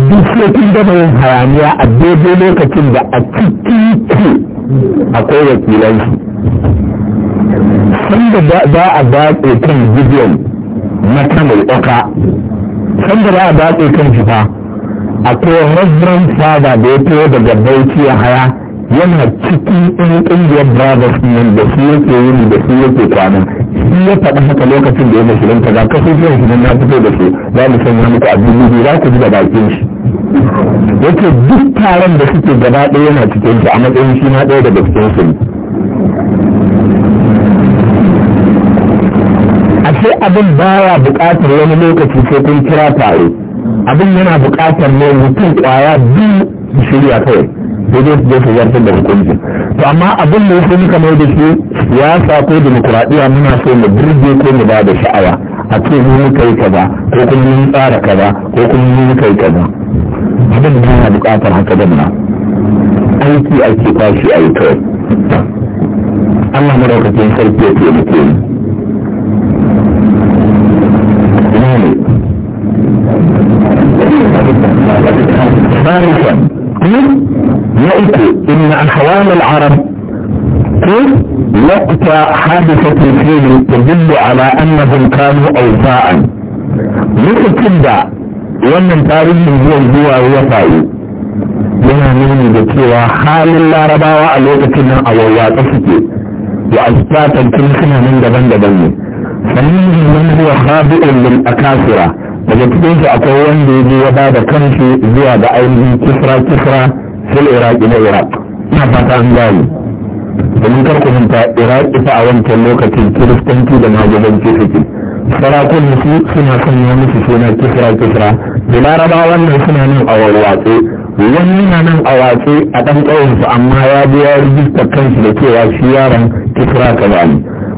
musulmi duk a daidai lokacin da a cikin ku akwai sanda za a datse kan gidiyon na kamar oka sanda za a datse kan shi fa akwai fada da ya fiye daga bauchi ya haya yana cikin ɗan ƙungiyar brothers nan da su yake yin da su yake kwana shi ya faɗi haka lokacin da ya mashi ta ga kasusuwan shi na fito da su za mu sanya muku a dubu za ku ji da bakin shi yake duk taron da suke gaba ɗaya yana cikin shi a matsayin shi na ɗaya daga cikin su ce abin baya buƙatar wani lokaci sai kun kira tare abin yana buƙatar ne mutum ƙwaya biyu shirya kawai sai dai su je su zartar da hukuncin to amma abin da yake muka mai da shi ya sa ko demokuraɗiyya muna so mu birge ko mu ba da sha'awa a ce mu kai yi kaza ko kuma mun tsara kaza ko kuma mun kai yi kaza abin da yana buƙatar haka da muna aiki ake kwashi a yi kawai Allah maraukakin sarki ya taimake mu Thank you. رأيته ان احوال العرب كيف وقت حادثة الفيل تدل على انهم كانوا اوفاء مثل كندا وان تاريخ من هو الهوى الوفائي يعني من ذكيوا حال الله رباوة الوقتنا او الواقفة واسباتا كنخنا من دبن دبن فمن من هو خابئ للأكاثرة فجد كنت أقوان دي دي وبعد كنت دي وبعد كنت دي وبعد fil iraki na iraq ina fata an gane domin kar ku manta iraki fa a wancan lokacin kiristanci da majalanci suke sarakun su suna sanya musu suna kisra kisra da laraba wannan suna nan a warwatse wani yana nan a watse a ɗan ƙauyensu amma ya biya ya rijista kansu da cewa shi yaron kisra kaza ne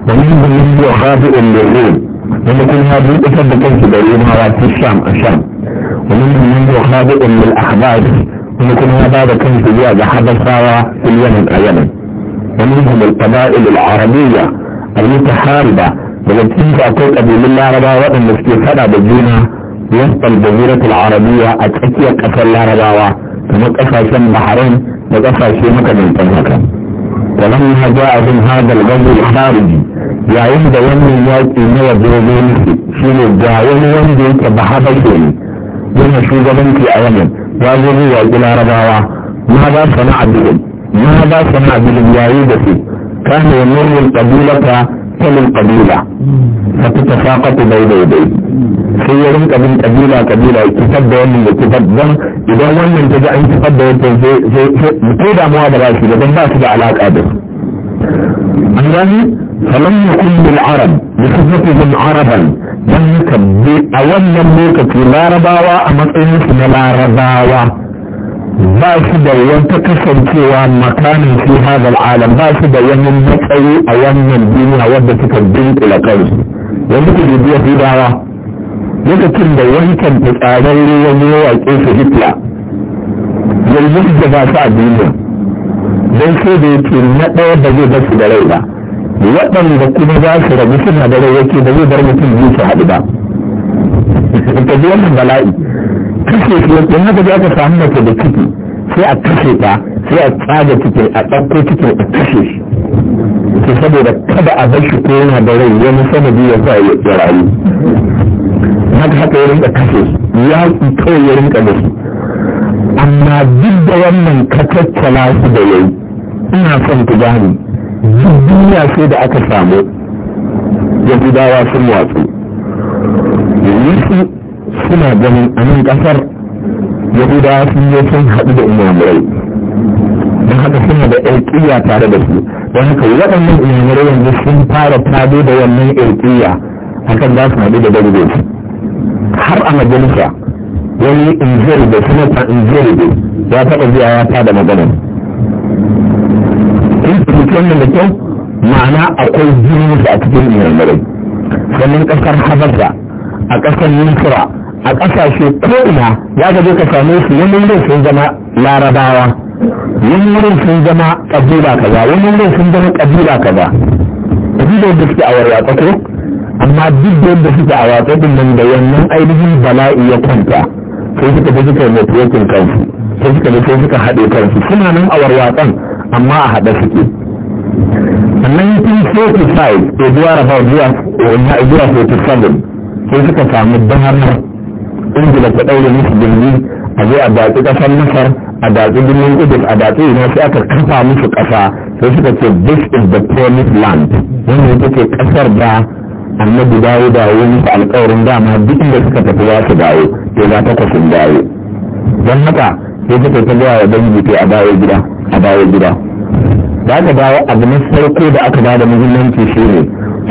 domin da yin yau hafi in wani kuma ya buɗe da kansu da rumawa ta sham a sham wani da yin yau hafi in da al'ahbari ممكن هو بعد كم زيادة zuwa ga habasawa fil yaman ومنهم القبائل العربية المتحاربة ولكن أقول أبي من ربا وأن استفادة بالجنة وسط الجزيرة العربية أتأتي قصر الله ربا فمقفى شم بحرين وقفى شيمك من تنهك ولما جاء من هذا الغزو الخارجي يا عند يوم الموت إنه نوى بروبين شين الجاوين ومدين كبحابة شيني يمشي جبنتي أيمن ya zo zai yaƙi larabawa ma za su na abin ma za su na abin yayi da su kana ya murnin ƙabilata ta min ƙabila ta fi ta saƙatu bai daidai sai ya rinka bin ƙabila ƙabila ya kifar da wannan ya kifar don idan wannan ta ji an kifar da wannan sai mutu damuwa da ba shi da don ba su da alaƙa da su. An gani فلم يكن بالعرب بصفتهم عربا لم يكن بأولا موكة لا رباوة أما تنس لا رباوة باشد ينتكسن سوى مكان في هذا العالم باشد يمن مطعي أولا الدنيا ودتك الدين إلى قوس ومثل يبيع في دعوة lokacin da wancan fitsararre wani yawaƙe su hitler yanzu da ba su a duniya don sai da yake na ɗaya ba zai basu da rai ba waɗanda kuma za su rabu suna da rai yake da zai bar mutum biyu su haɗu ba ta ji wannan bala'i kashe shi wasu haka za ka samu mace da ciki sai a kashe ta sai a tsaga cikin a ɗauko cikin a kashe shi ke saboda kada a bar shi ko yana da rai wani sanadi ya sa ya rayu haka haka ya rinka kashe ya kawai ya rinka da shi amma duk da wannan kakakkala su da yayi ina son ku gani duniya sai da aka samu dawa sun watsu yanzu suna ganin a nan kasar yahudawa sun yi sun haɗu da umarai don haka suna da ƙirƙiya tare da su don haka waɗannan umarai yanzu sun fara tado da wannan ƙirƙiya hakan za su haɗu da dalibai har a majalisa wani injiri da sanata injiri ya taɓa zuwa ya tada maganar kun fahimci wannan da kyau ma'ana akwai jini a cikin inyamurai sannan kasar habasha a kasar Nufura, a kasashe ko'ina ya gaje ka same su wani wurin sun zama larabawa wani wurin sun zama kabila kaza wani wurin sun zama kabila kaza duk da yadda suke a warwatsa ko amma duk da yadda suke a watsa din nan da wannan ainihin bala'i ya kwanta sai suka fi suka yi mutuwakin kansu sai suka ne suka haɗe kansu suna nan a warwatsan amma a haɗa suke a 1945 to zuwa raba zuwa 47 sai suka samu damar ingila ta ɗaure musu jirgi a zai a datsi ƙasar masar a datsi birnin kudus a datsi ina sai aka kafa musu ƙasa sai suka ce this is the promised land wani yake ce ƙasar da annabi dawo dawo musu alƙawarin dama duk inda suka tafi za su dawo to za ta kwasin dawo don haka sai ta ta gaya wa dangi ta a dawo gida a dawo gida da aka dawo abu na farko da aka bada muhimmanci shi ne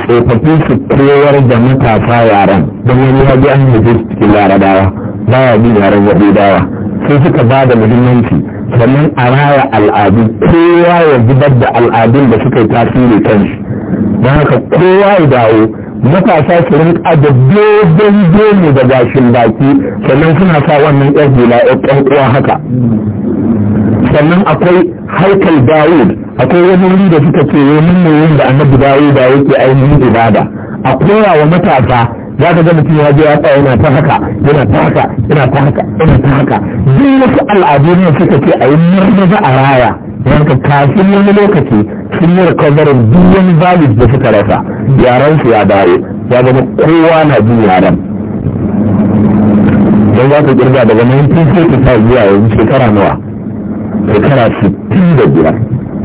tsofaffi su koyar da matasa yaren don wani hajji an yi cikin larabawa baya bi yaran zaɓe dawa sai suka ba da muhimmanci sannan a raya al'adu kowa ya zubar da al'adun da suka yi tasiri kan shi don haka kowa ya dawo matasa su rinka da dogon dole da gashin baki sannan suna sa wannan yar hula yar uwa haka sannan akwai haikal dawud akwai wani wuri da suka ce wani ne da annabi dawud da yake ainihin ibada a koya wa matasa za ka ga mutum ya je ya tsaya yana ta haka yana ta haka yana ta haka yana ta haka duk wasu al'adu ne suka ce a yi marmaza a raya yanka kafin wani lokaci sun yi recovery duk wani values da suka rasa yaran su ya dare ya zama kowa na bin yaran don za ka kirga daga 1945 zuwa yanzu shekara nawa shekara 65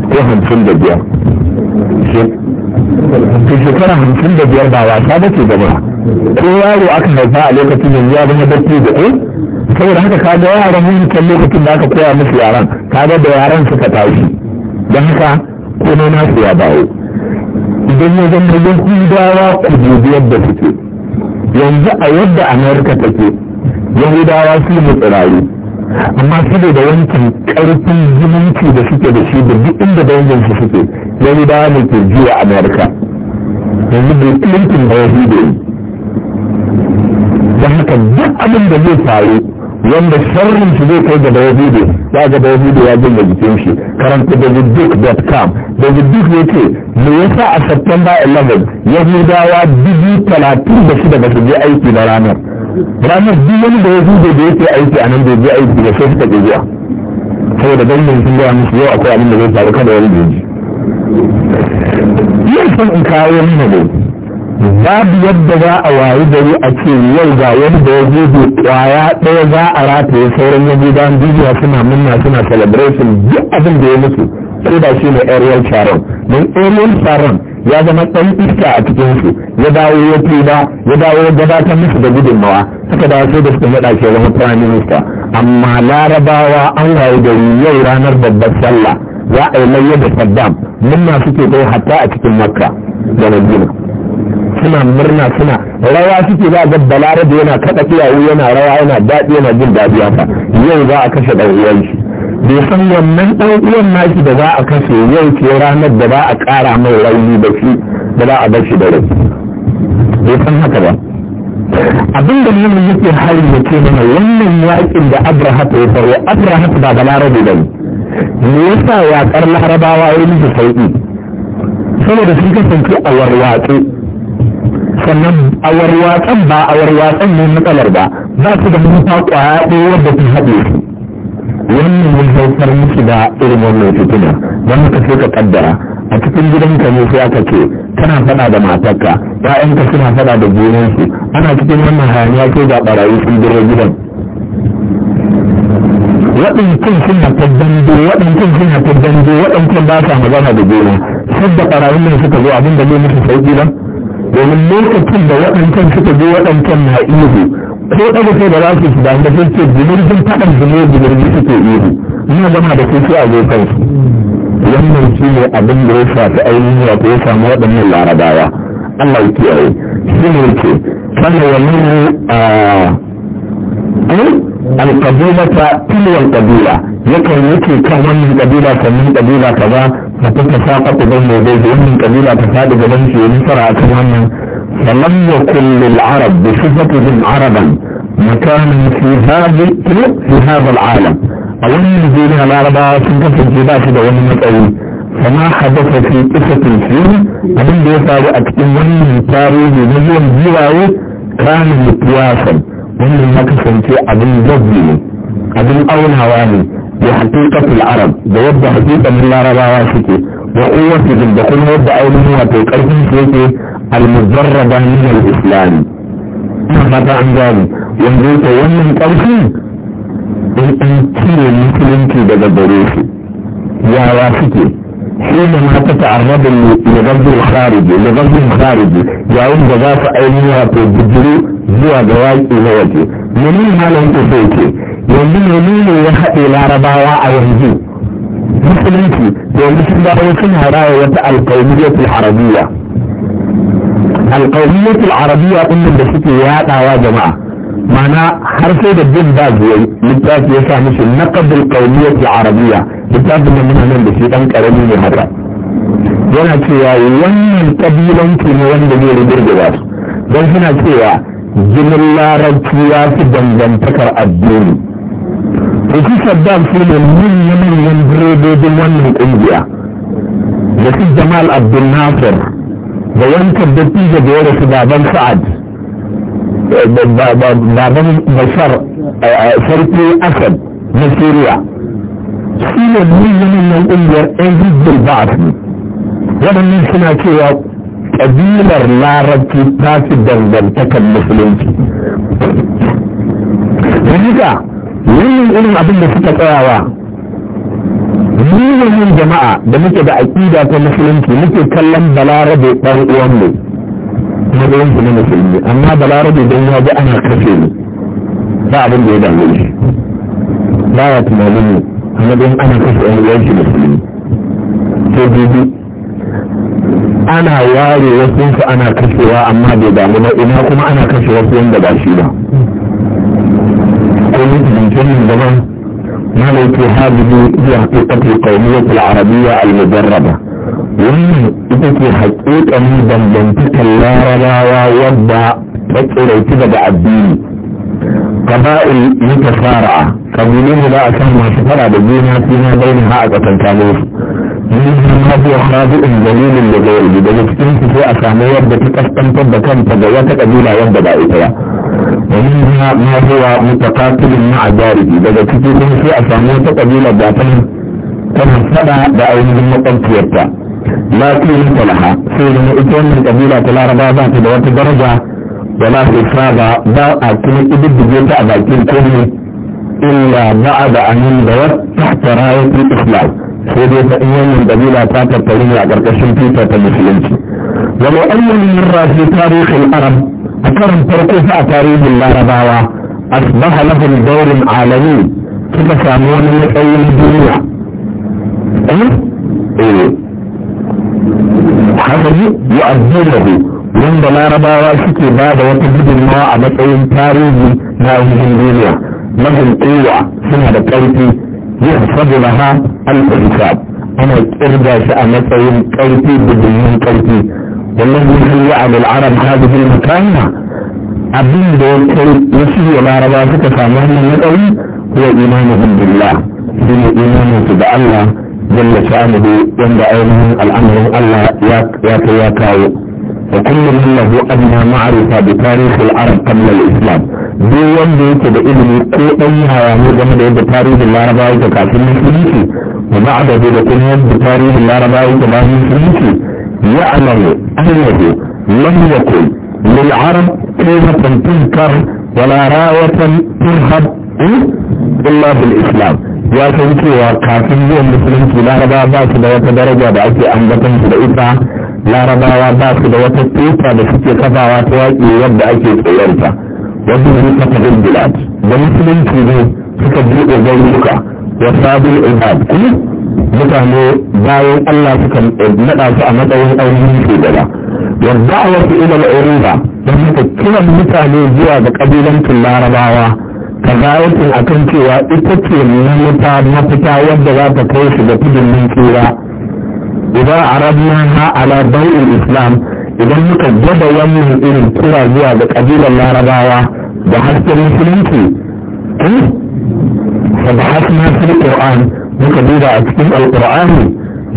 ko 55 to shekara hamsin da biyar ba wasa ba ce gaba ko yaro aka haifa a lokacin yanzu ya zama dattijo da ko saboda haka ka ga yaran mun lokacin da aka koya musu yaran ka ga da yaran suka tashi don haka komai nasu ya dawo idan ya zama yin ku dubi yadda suke yanzu a yadda amerika take yahudawa su mu tsirari amma su da wancan karfin zumunci da suke da shi da duk inda dangin su suke yanzu da ne ke juya amerika yanzu bai clinton da wasu da yi don haka duk abin da zai faru wanda sharrin su zai kai ga da yahudu ya ga da yahudu ya jin jikin shi karanta da duk ya ce me yasa a september 11 yahudawa dubu talatin da shida daga su je aiki na ranar ranar duk wani da ya zube da yake aiki a nan bai je aiki da sai suka ke zuwa saboda gangan sun gaya musu yau akwai abin da zai faru kada wani bai yau san in kawo mana ne babu yadda za a wayi gari a ce yau ga wani da ya zube kwaya ɗaya za a rataye sauran yaje bayan duniya suna munna suna celebration duk abin da ya musu sai da shi ne aerial charon don aerial charon ya zama ɗan iska a cikin su ya dawo ya tuba ya dawo ya gabatar musu da gudunmawa suka da su da suka naɗa shi zama prime minister amma larabawa an rayu gari yau ranar babbar sallah za a yi layya da saddam mun na suke kai hatta a cikin makka da madina suna murna suna rawa suke za a ga balarabe yana kaɗa kiyawu yana rawa yana daɗi yana jin daɗi haka yau za a kashe ɗan uwan shi bai san wannan ɗan uwan naki da za a kashe yau ke ranar da ba a ƙara mai rauni da shi da ba a bashi da rai bai san haka ba abin da nuna yake hari da ke mana wannan yakin da abrahat ya faru abrahat ba da larabe ba ne yasa yaƙar larabawa ya nufi sauƙi saboda sun kasance a warwatsu sannan a warwatsan ba a warwatsan ne matsalar ba za su da manufa ƙwaya ɗaya wadda sun haɗe su wannan mun haifar miki da irin wannan fitina don haka sai ka kaddara a cikin gidanka ne sai aka ce kana fada da matarka ka suna fada da su ana cikin wannan hayaniya sai da barayi sun biro gidan waɗancan suna ta dando waɗancan suna ta dando waɗancan ba sa magana da gona, sadda barayin nan suka zo abin da zai musu sauƙi ba domin lokacin da waɗancan suka zo waɗancan na ihu ko ɗaga sai da rasu su da sai ce zumurzin faɗan zumurzin zumurzin suke iri. muna zama da kai a zo kai wannan shi ne abin da ya shafi ainihin wato ya samu waɗannan larabawa Allah ya kiyaye shi ne ce sannan wannan a eh, alƙabila tilwar ƙabila yakan yake kan wannan ƙabila sannan ƙabila kaza mutum ta sa kwakwabon mai zai wannan ƙabila ta faɗi gaban shi ya nasara a kan wannan فلم يكن للعرب بصفتهم عربا مكانا في هذا في هذا العالم أولا أولم على العرب سنة الجباش ده ومن فما حدث في قصة الفيلم أبن بيطار أكتمون من تاريخ مليون جواوي كان متواصل ومن ما في أبن جبلي أبن أول هواني بحقيقة العرب بيبدأ حقيقة من العرب واسكي وقوة في كل وضع أول مواتي في قرب المجردة من الاسلام مهما كان قال ونقول ومن قلبي ان انتي مثل انتي بدبروسي يا واسطي حينما تتعرض لغزو خارجي لغزو خارجي جاوب بغاف عينيها تجدرو زوا دواي الى وجهي من ما لم تفوتي يومي يمين يحق الى رباوة او هزو مثل انتي يومي سنبارو كنها راية القومية الحربية alƙawiyyatul arabiya ɗin da suke yaɗawa jama'a mana har sai da bin ba zuwa littafi ya sa mishi naqdul qawmiyyah arabiya littafin da muna nan da shi dan karami ne haka yana cewa wannan kabilanci ne wanda zai rubirgiza su don suna cewa jinin larabci ya fi dangantakar addini to shi saddam su ne manyan manyan biredodin wannan ƙungiya. da su jamal abdul nasir da yankan dattijo da ya rasu baban sa'ad baban bashar sarki asad na syria shi ne mulmin nan ƙungiyar yan hizbul ba'as ne waɗannan suna cewa ƙabilar larabci ta fi dangantakan musulunci yanzu ga wannan irin abin da suka tsayawa munin jama'a da muke da aƙida ta musulunci muke kallon balarabe ɗan uwan mu matsayin su na musulmi amma balarabe don ya ji ana kashe ni ba abin da ya dame shi ba ya tunanin ne amma don ana kashe ɗan uwan shi musulmi to bibi ana ware wasu su ana kashewa amma bai damu na ina kuma ana kashe wasu wanda ba shi ba ko mutum ne zaman ما لو هذه هي حقيقة القومية العربية المدربة وإذا في حقيقة أيضا بنتك اللارة ويبدا تكتل اعتبد عبدين قبائل متفارعة قبلين لا أسمى سفرع بالدين فيما بينها أبدا كاموس mafi hadi'in dalilin da gairi daga cikin su sai a samu yadda ta kaskantar da kanta ga wata kabila yadda ba ita ba domin ma ma huwa mutaqatilin ma'a jarihi daga cikin sun sai a samu wata kabila da ta tana fada da ainihin makwabciyarta la qiyamta laha sai da ita wannan kabila ta laraba ba ta da wata daraja da la hisaba ba a kuma kididdige ta a bakin komai illa ba'da an da wata ta rayu islam sai dai ta in wannan dabila ta tattari a ƙarƙashin tuta ta musulunci wani ayyul mirra fi tarihin arab a karin farko fa a tarihin larabawa asbaha lahum daurin alami suka samu wani matsayin duniya haka yi yu'azzinahu wanda larabawa suke ba da wata gudunmawa a matsayin tarihi na duniya mahimmanci suna da ƙarfi يحفظ لها الإنسان أنا أرجع سأمتين كيفي بدون كيفي والذي هي على العرب هذه المكانة abin da ya kai wasu ya laraba suka samu hannun matsayi huwa imanuhum billah shine imanin su da Allah jalla sha'anuhu wanda ainihin al'amarin Allah ya kai ya kawo وكل من له أدنى معرفة بتاريخ العرب قبل الإسلام duk wanda yake da ilimi ko ɗan hayani gama da yadda tarihin larabawa yake kafin musulunci da ba da da kuma yadda tarihin larabawa yake bayan musulunci ya alamu annahu lam yakun lil arab qimatan tunkar turhab hmm? islam ya san cewa kafin zuwan musulunci larabawa ba su da wata daraja da ake ambaton su da ita larabawa ba su da wata tsofa da suke kafawa ta yaƙi yadda ake tsoyarta wasu ne ta bilad da musulunci ne suka buɗe garuruka wa sabul ibad kuma mutane bayan Allah suka naɗa su a matsayin ainihin shugaba wadda a wasu ilal oriba da suka kiran mutane zuwa ga ƙabilancin larabawa ta gayatin akan cewa ita ce manufa mafita wadda za ta kai su da tudun tsira idan arabna ha ala bai'in islam idan muka gada wannan irin kira zuwa ga kabilar larabawa da hasken musulunci فبحثنا في القرآن مكبيرة أكتب القرآن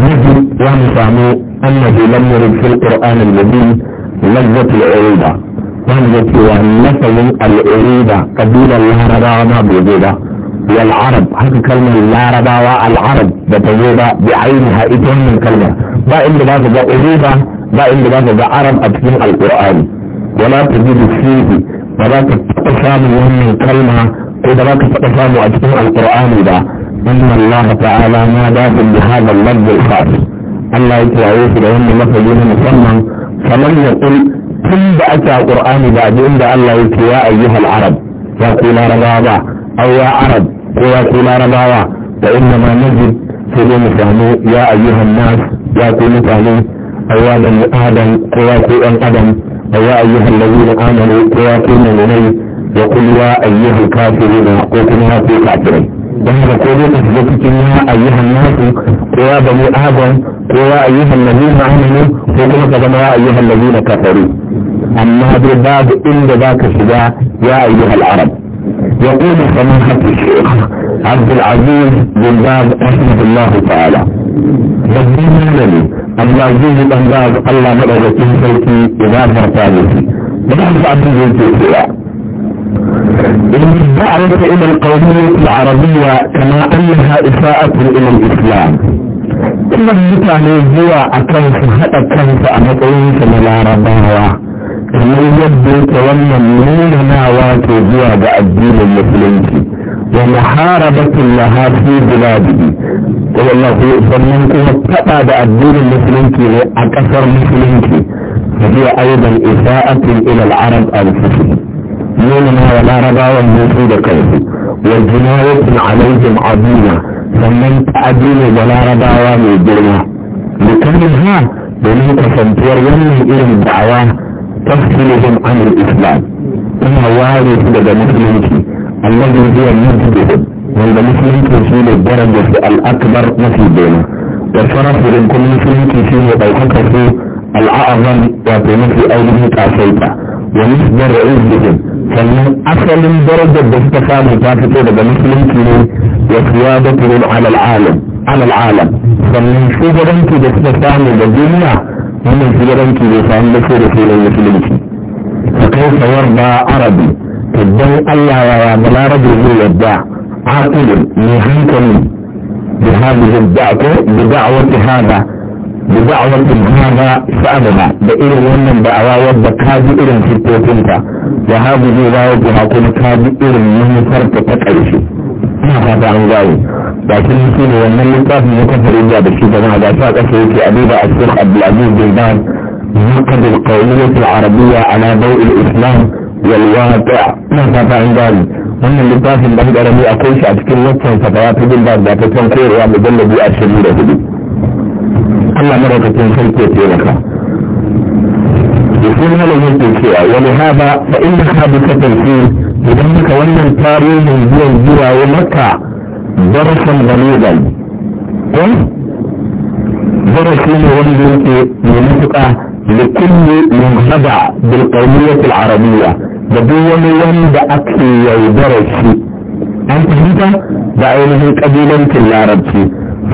نجد وانفعموا أنه لم يرد في القرآن المبين لذة العريضة wanda ke wa nasayin al'urida kabilar larabawa ma gobe ba يا العرب كلمة لا لارباوة العرب بتجيبها بعينها اتهم كلمة با اللي بازو با أريبا با اللي با عرب أتهم القرآن ولا تجد فيه ولا تتقصام من الكلمة ولا تتقصام أتهم القرآن با إن الله تعالى ما دافل بهذا اللفظ الخاص الله يتعيش لهم لفظين مصمم فمن يقول كم بأتى قرآن بعد ƙur'ani الله da أيها العرب yake ya ayyuhal او يا عرب ko ya ku larabawa da inda ma najid sai dai mu samu ya ayyuhan nas ya ku mutane ayya da ni adam ko ya ku ɗan adam ayya ayyuhan ladina amanu ko ya ku mu'minai da kun ya ayyuhan kafirina ko kuma ya ku kafirai dan haka ko dai ka shiga cikin ya ayyuhan nas ko ya bani adam ko ya ayyuhan da amanu ko kuma ka zama ya ayyuhan da kafaru amma dai babu inda za ka shiga ya ayyuhan arab يقول سماحة الشيخ عبد العزيز بن باز رحمه الله تعالى ربنا لي عبد العزيز بن باز الله مدرجة سلكي إذا مرتابتي بنعرف عبد العزيز الدعوة إلى القومية العربية كما أنها إساءة إلى الإسلام إن المتعنى هو أكنف هذا كنف أمطين من العربية kamar yadda yake wannan munanawa ke zuwa ga addinin musulunci wa muharabatin laha fi biladihi da wallahi sannan kuma fada da addinin musulunci ne a kasar musulunci فهي ايضا اساءة الى العرب انفسهم نوننا والعرباوة الموجودة كيف والجناية عليهم عظيمة sannan ta'adini da larabawa mai girma mutumin ha domin kasantuwar wannan irin da'awa تفصلهم عن الإسلام ثم وارث لدى مسلمتي الذي هي مجدهم وعند مسلمتي شيل الدرجة الأكبر نفي بينه والشرف لنكون مسلمتي شيل وطوقته الأعظم وتنفي أوله تعصيته ومصدر عزهم فمن أصل درجة باستفادة تافته لدى مسلمتي وقيادته على العالم على العالم فمن شجرة باستفادة الدنيا wannan filaranci bai samu da sai da sai da musulunci fa kai sayar da arabi to don Allah ya ya balarabe zai yadda aqilin mai hankali da hadin da'wa da da'awar hada da da'awar hada sa'adana da irin wannan da'awa wadda ka ji irin fitofinta da hadu zai dawo kuma ka ji irin manufarta ta ƙarshe ina fata an gane da sun nufi ne wannan littafin ya kafa rijiya da shi jama'a da sa ƙasa yake a duba a cikin abdulaziz jordan نقد القومية العربية على ضوء الإسلام والواقع ina fata an gane wannan littafin da garami akwai shi a cikin waccan fatawa ta bin da da ta kan koyarwa mujallabi ashirin da hudu Allah madaukakin sarki ya taimaka يقول هذا يمكن شيئا ولهذا فإن حادثة الفيل idan muka wannan tarihin zuwan zuwa maka darasan baligan ko darasi ne wanda yake mai matuƙa da kulle muhada bil qawmiyyah al arabiyya da duk wani wanda ake yaudarar shi an fahimta da ainihin kabilancin larabci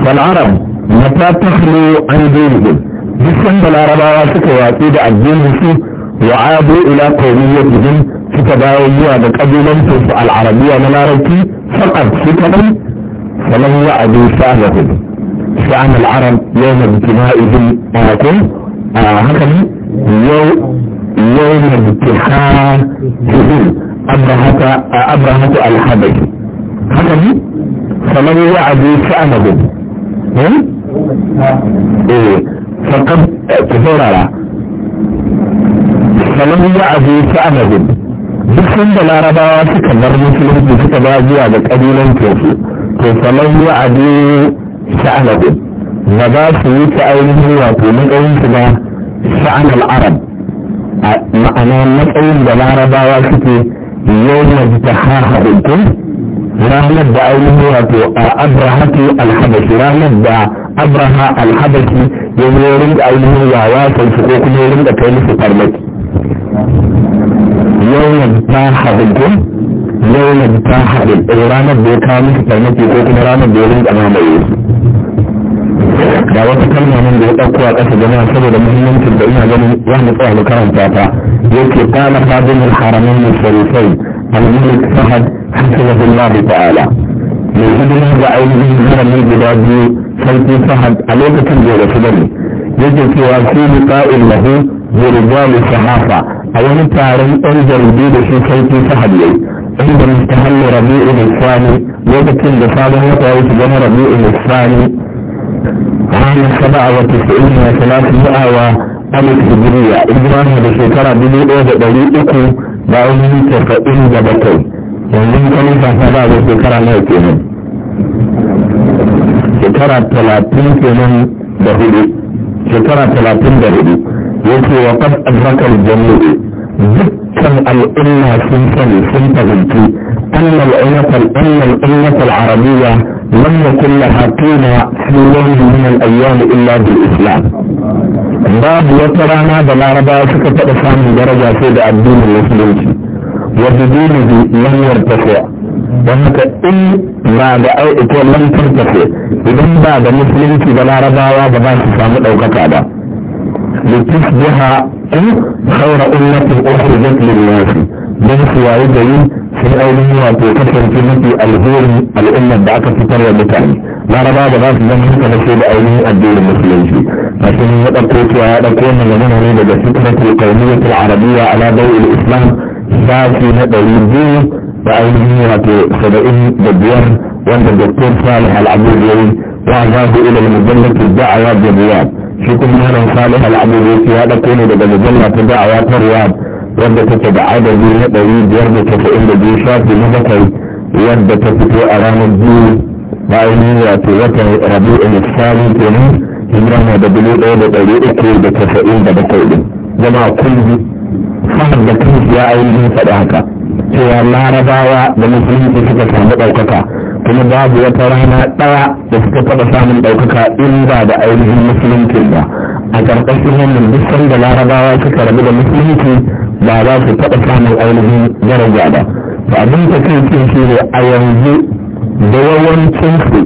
fal arab mata tahlu an dinihim duk sanda larabawa suka watsi da addinin su wa ila qawmiyyatihim suka dawo zuwa da ƙabilancin su al'arabiya na larabci faƙar su kaɗai sanan wa'adu sa'adahu sa'an al'arab yau na bikima'ihim a hakun a hakan yau yau na bikima'ihim abrahatu al-habai hakan sanan wa'adu sa'adahu فقد تفرر فلم يعدوا سأمهم duk da larabawa suka bar musulunci suka ba zuwa ga ƙabilan teku to kamar yi a ne sha'anabin ba za su yi ta ainihin wato matsayin su ba sha'anar arab ma'ana matsayin da larabawa suke yau da ta harharuntun ranar da ainihin wato a abrahatu alhabashi ranar da abraha alhabashi ya zo da ainihin yawa sai su ko kuma da kai musu farmaki yawon ta haɗin yawon ta haɗin eh, ranar da ya kawo miki farmaki ko kuma ranar da ya rinka mamaye da wata kalma nan da ya ɗauko a ƙasa jama'a saboda muhimmancin da ina ganin za mu tsaya mu karanta ta yake kana fadin haramin musarifai al-malik fahad hafizahullah ta'ala mai hidima ga ainihin haramin guda biyu sarki fahad a lokacin da ya rasu bane yake cewa su liqa'il lahu bi rijal sahafa a wani taron ɗan jaridu da shi sarki sahab yayi inda mustahalli rabi'ul isfani lokacin da sabon wata ya shiga na rabi'ul isfani ranar saba'a wa tisa'in wa talatin wa alif hijriya ibrahim da shekara dubu ɗaya da ɗari uku da ainihin tasa'in da bakwai yanzu kan fasa ba da shekara nawa kenan shekara talatin kenan da hudu shekara talatin da hudu يأتي وقد أدرك الجميع ذكر الأمة في سن سن تغيتي أن الأمة الأمة الأمة العربية لم يكن لها قيمة في يوم من الأيام إلا بالإسلام باب وترانا بالعربة سكت أسان درجة سيد الدين المسلمين وبدينه لم يرتفع وهناك إن بعد أي لم ترتفع إذن بعد مسلمتي بالعربة وابا سامد أو كتابة لتصبح إيه؟ خير أمة أخرجت للناس من سوائدين في أولي وتكفر في مثل الهور الأمة بعد تطرى بتاني ما ربا بغاف جمعي كنسي بأولي الدول المسلمين لكن يبقوت ويأتكون من من هريد بسكرة القومية العربية على ضوء الإسلام في نبوي الدين بأولي وتسبعين بالدور وانت الدكتور صالح العبود يلي وعزاه إلى المدلة الدعوة بالدور shi kuma yaron salih al'amuri ya ɗauko ne daga mujalla ta da'awa ta riyad wadda take da adadi na ɗari biyar da casa'in da biyu shafi na bakwai wadda ta fito a ranar biyu bayan wato watan a sani kenan hijira na da dubu ɗaya da ɗari uku da casa'in da bakwai ɗin jama'a kulli fahar da kansu ya ainihin faɗi haka cewa larabawa da musulunci suka samu ɗaukaka kuma babu wata rana ɗaya da suka taɓa samun ɗaukaka in ba da ainihin musulunci ba a ƙarƙashin wannan duk sanda larabawa suka rabu da musulunci ba za su taɓa samun ainihin daraja ba to abin da kai ce shi ne a yanzu da yawancinsu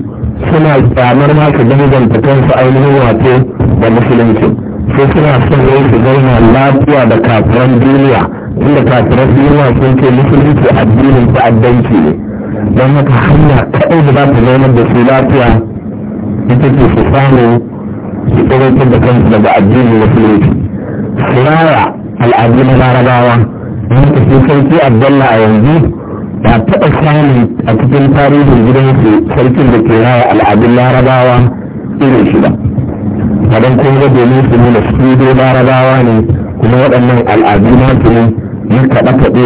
suna tsamar ma su danganta kansu ainihin wato da musulunci sai suna son yau su zauna lafiya da kafiran duniya inda kafiran duniya sun ce musulunci addinin ta'addanci ne don haka hanya kaɗai da za ta zaunar da su lafiya ita ce su samu su tsirrikin da kansu daga addinin musulunci laifi. al'adu na larabawa ta tafi sarki abdallah a yanzu ba taɓa samun a cikin tarihin gidansu sarkin da ke raya al'adun larabawa irin shi ba kadan kun ga domin su nuna su larabawa ne kuma waɗannan al'adu na su ne na kaɗe-kaɗe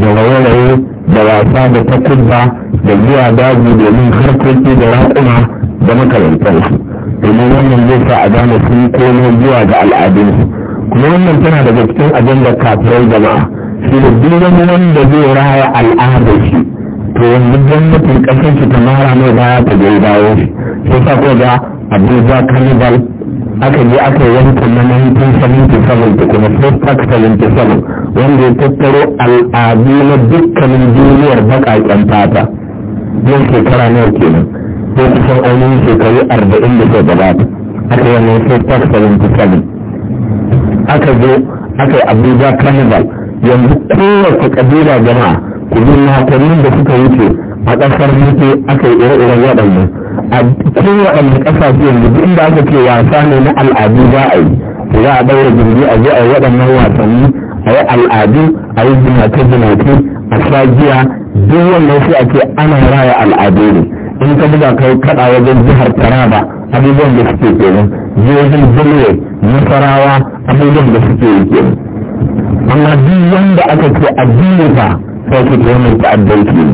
da raye da wasa da takubba da zuwa daji domin harkoki da raƙuma da makarantarsu domin wannan zai sa a gane sun komo zuwa ga al'adunsu kuma wannan tana daga cikin ajanda kafirai jama'a shi da duk wani wanda zai raya al'adar shi to yanzu gwamnatin ƙasar shi ta mara mai baya ta gai dawo shi sai sa ko ga abuja carnival aka je aka yanka na 1977 da kuma Sostak 77 wanda ya tattaro al'adu na dukkanin duniyar baƙaƙen fata yau shekara nawa kenan ko kusan ainihin shekaru 40 da suka ta aka yi wannan Sostak 77 aka zo aka yi Abuja Carnival yanzu kowace ƙabila jama'a gudunatannin da suka wuce a ƙasar mutu aka yi ire-iren waɗannan a cikin waɗannan ƙasashe yanzu duk inda aka ce wasa ne na al'adu za a yi za a ɗaura jirgi a je a yi waɗannan wasanni a yi al'adu a yi jinace-jinace a giya duk wannan sai a ce ana raya al'adu ne in ka buga kai kaɗa wajen jihar taraba abubuwan da suke kenan jirgin benue nasarawa abubuwan da suke yi kenan amma duk wanda aka ce addini sake ta wannan ta'addanci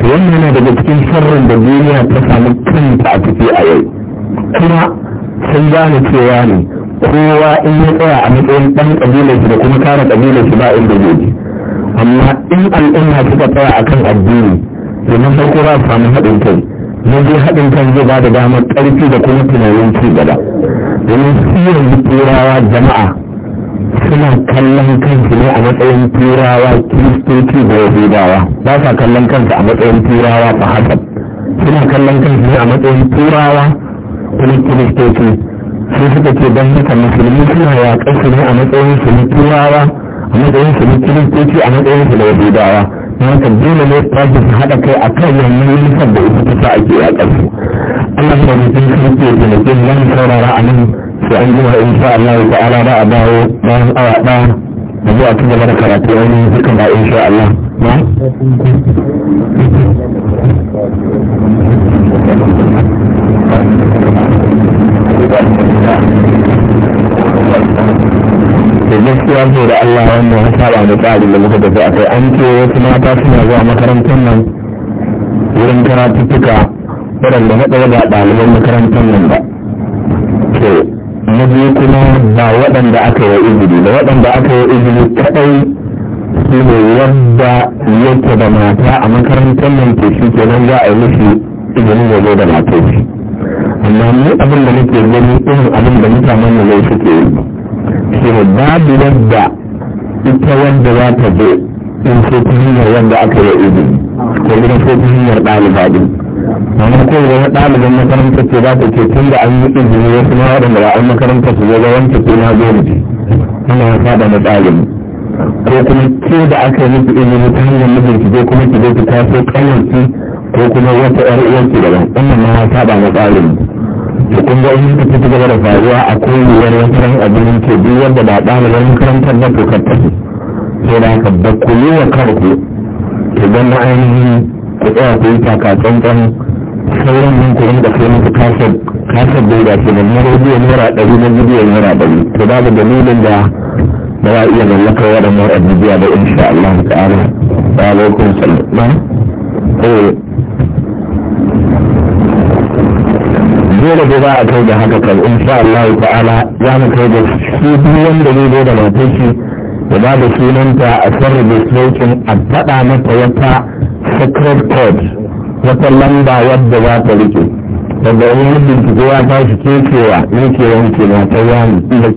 to wannan yana daga cikin sharrin da duniya ta samu kanta a ciki a yau kuma sun gane cewa ne kowa in ya tsaya a matsayin ɗan ƙabilar shi da kuma kare ƙabilar shi ba inda zai je amma in al'umma suka tsaya kan addini domin na farko su samu haɗin kai yanzu haɗin kan zai ba da damar ƙarfi da kuma tunanin ci gaba domin su yanzu turawa jama'a suna kallon kansu ne a matsayin turawa kiristoci da yahudawa ba sa kallon kansu a matsayin turawa ba hasab suna kallon kansu ne a matsayin turawa kuma kiristoci sai suka ce don haka musulmi suna yaƙar su ne a matsayin su na turawa a matsayin su na kiristoci a matsayin su na yahudawa haka dole ne tashi su haɗa kai a kan wannan nisan da ita ta sa ake yaƙar su Allah ya rubuta sarki ya taimake mu saurara a nan sai an in insha Allah ta'ala ba a dawo bayan awa ɗaya da zuwa ci gaba da karatu wani ba in sha Allah da gaskiya ce da Allah wanda ya saba da tsarin da muka tafi a kai an ce wasu mata suna zuwa makarantar nan wurin karatuttuka waɗanda na ɗaya ga ɗaliban makarantar nan ba. na biyu kuma ba waɗanda aka yi izini ba waɗanda aka yi izini kaɗai su ne wanda yake da mata a makarantar nan ke shi kenan za a yi mishi izinin ya zo da matoci amma ni abin da nake gani irin abin da mutanen mu zai suke yi shi ne babu wadda ita wanda za ta zo in ce ta hanyar wanda aka yi izini ko kuma ko ta hanyar ɗaliba ɗin amma ko wani ɗalibin makarantar ce za ta ce tun da an yi izini ya ma waɗanda ba an makarantar su zai wanke ko na zo ne ana ya faɗa na ɗalibi ko kuma ke da aka yi miki izini ta hanyar mijin ki je kuma ki je ki taso ƙanwarki ko kuma wata ƴar uwarki ban wannan ma ya faɗa na ɗalibi to kun ga in ka fita gaba da faruwa a kowane wani ran abinin ke duk wanda ba ɗalibin makarantar na to ka tafi sai da haka ba ku yi wa kanku ki zama ainihin ku tsaya ku yi taka tsantsan sauran nan ku da kai musu kasar kasar da ya ce da na rediyo naira ɗari na bidiyo naira ɗari to babu dalilin da ba za a iya mallakar waɗannan abubuwa da insha Allah ta'ala wa alaikum salam eh. dole da za a kai da haka kan insha Allah ala za mu kai da shi duk wanda zai zo da matar da sunan sunanta a da registration a faɗa mata wata secret code wata lamba wadda za ta rike daga wani bincike ya tashi shi cewa ne ke wanke mata wani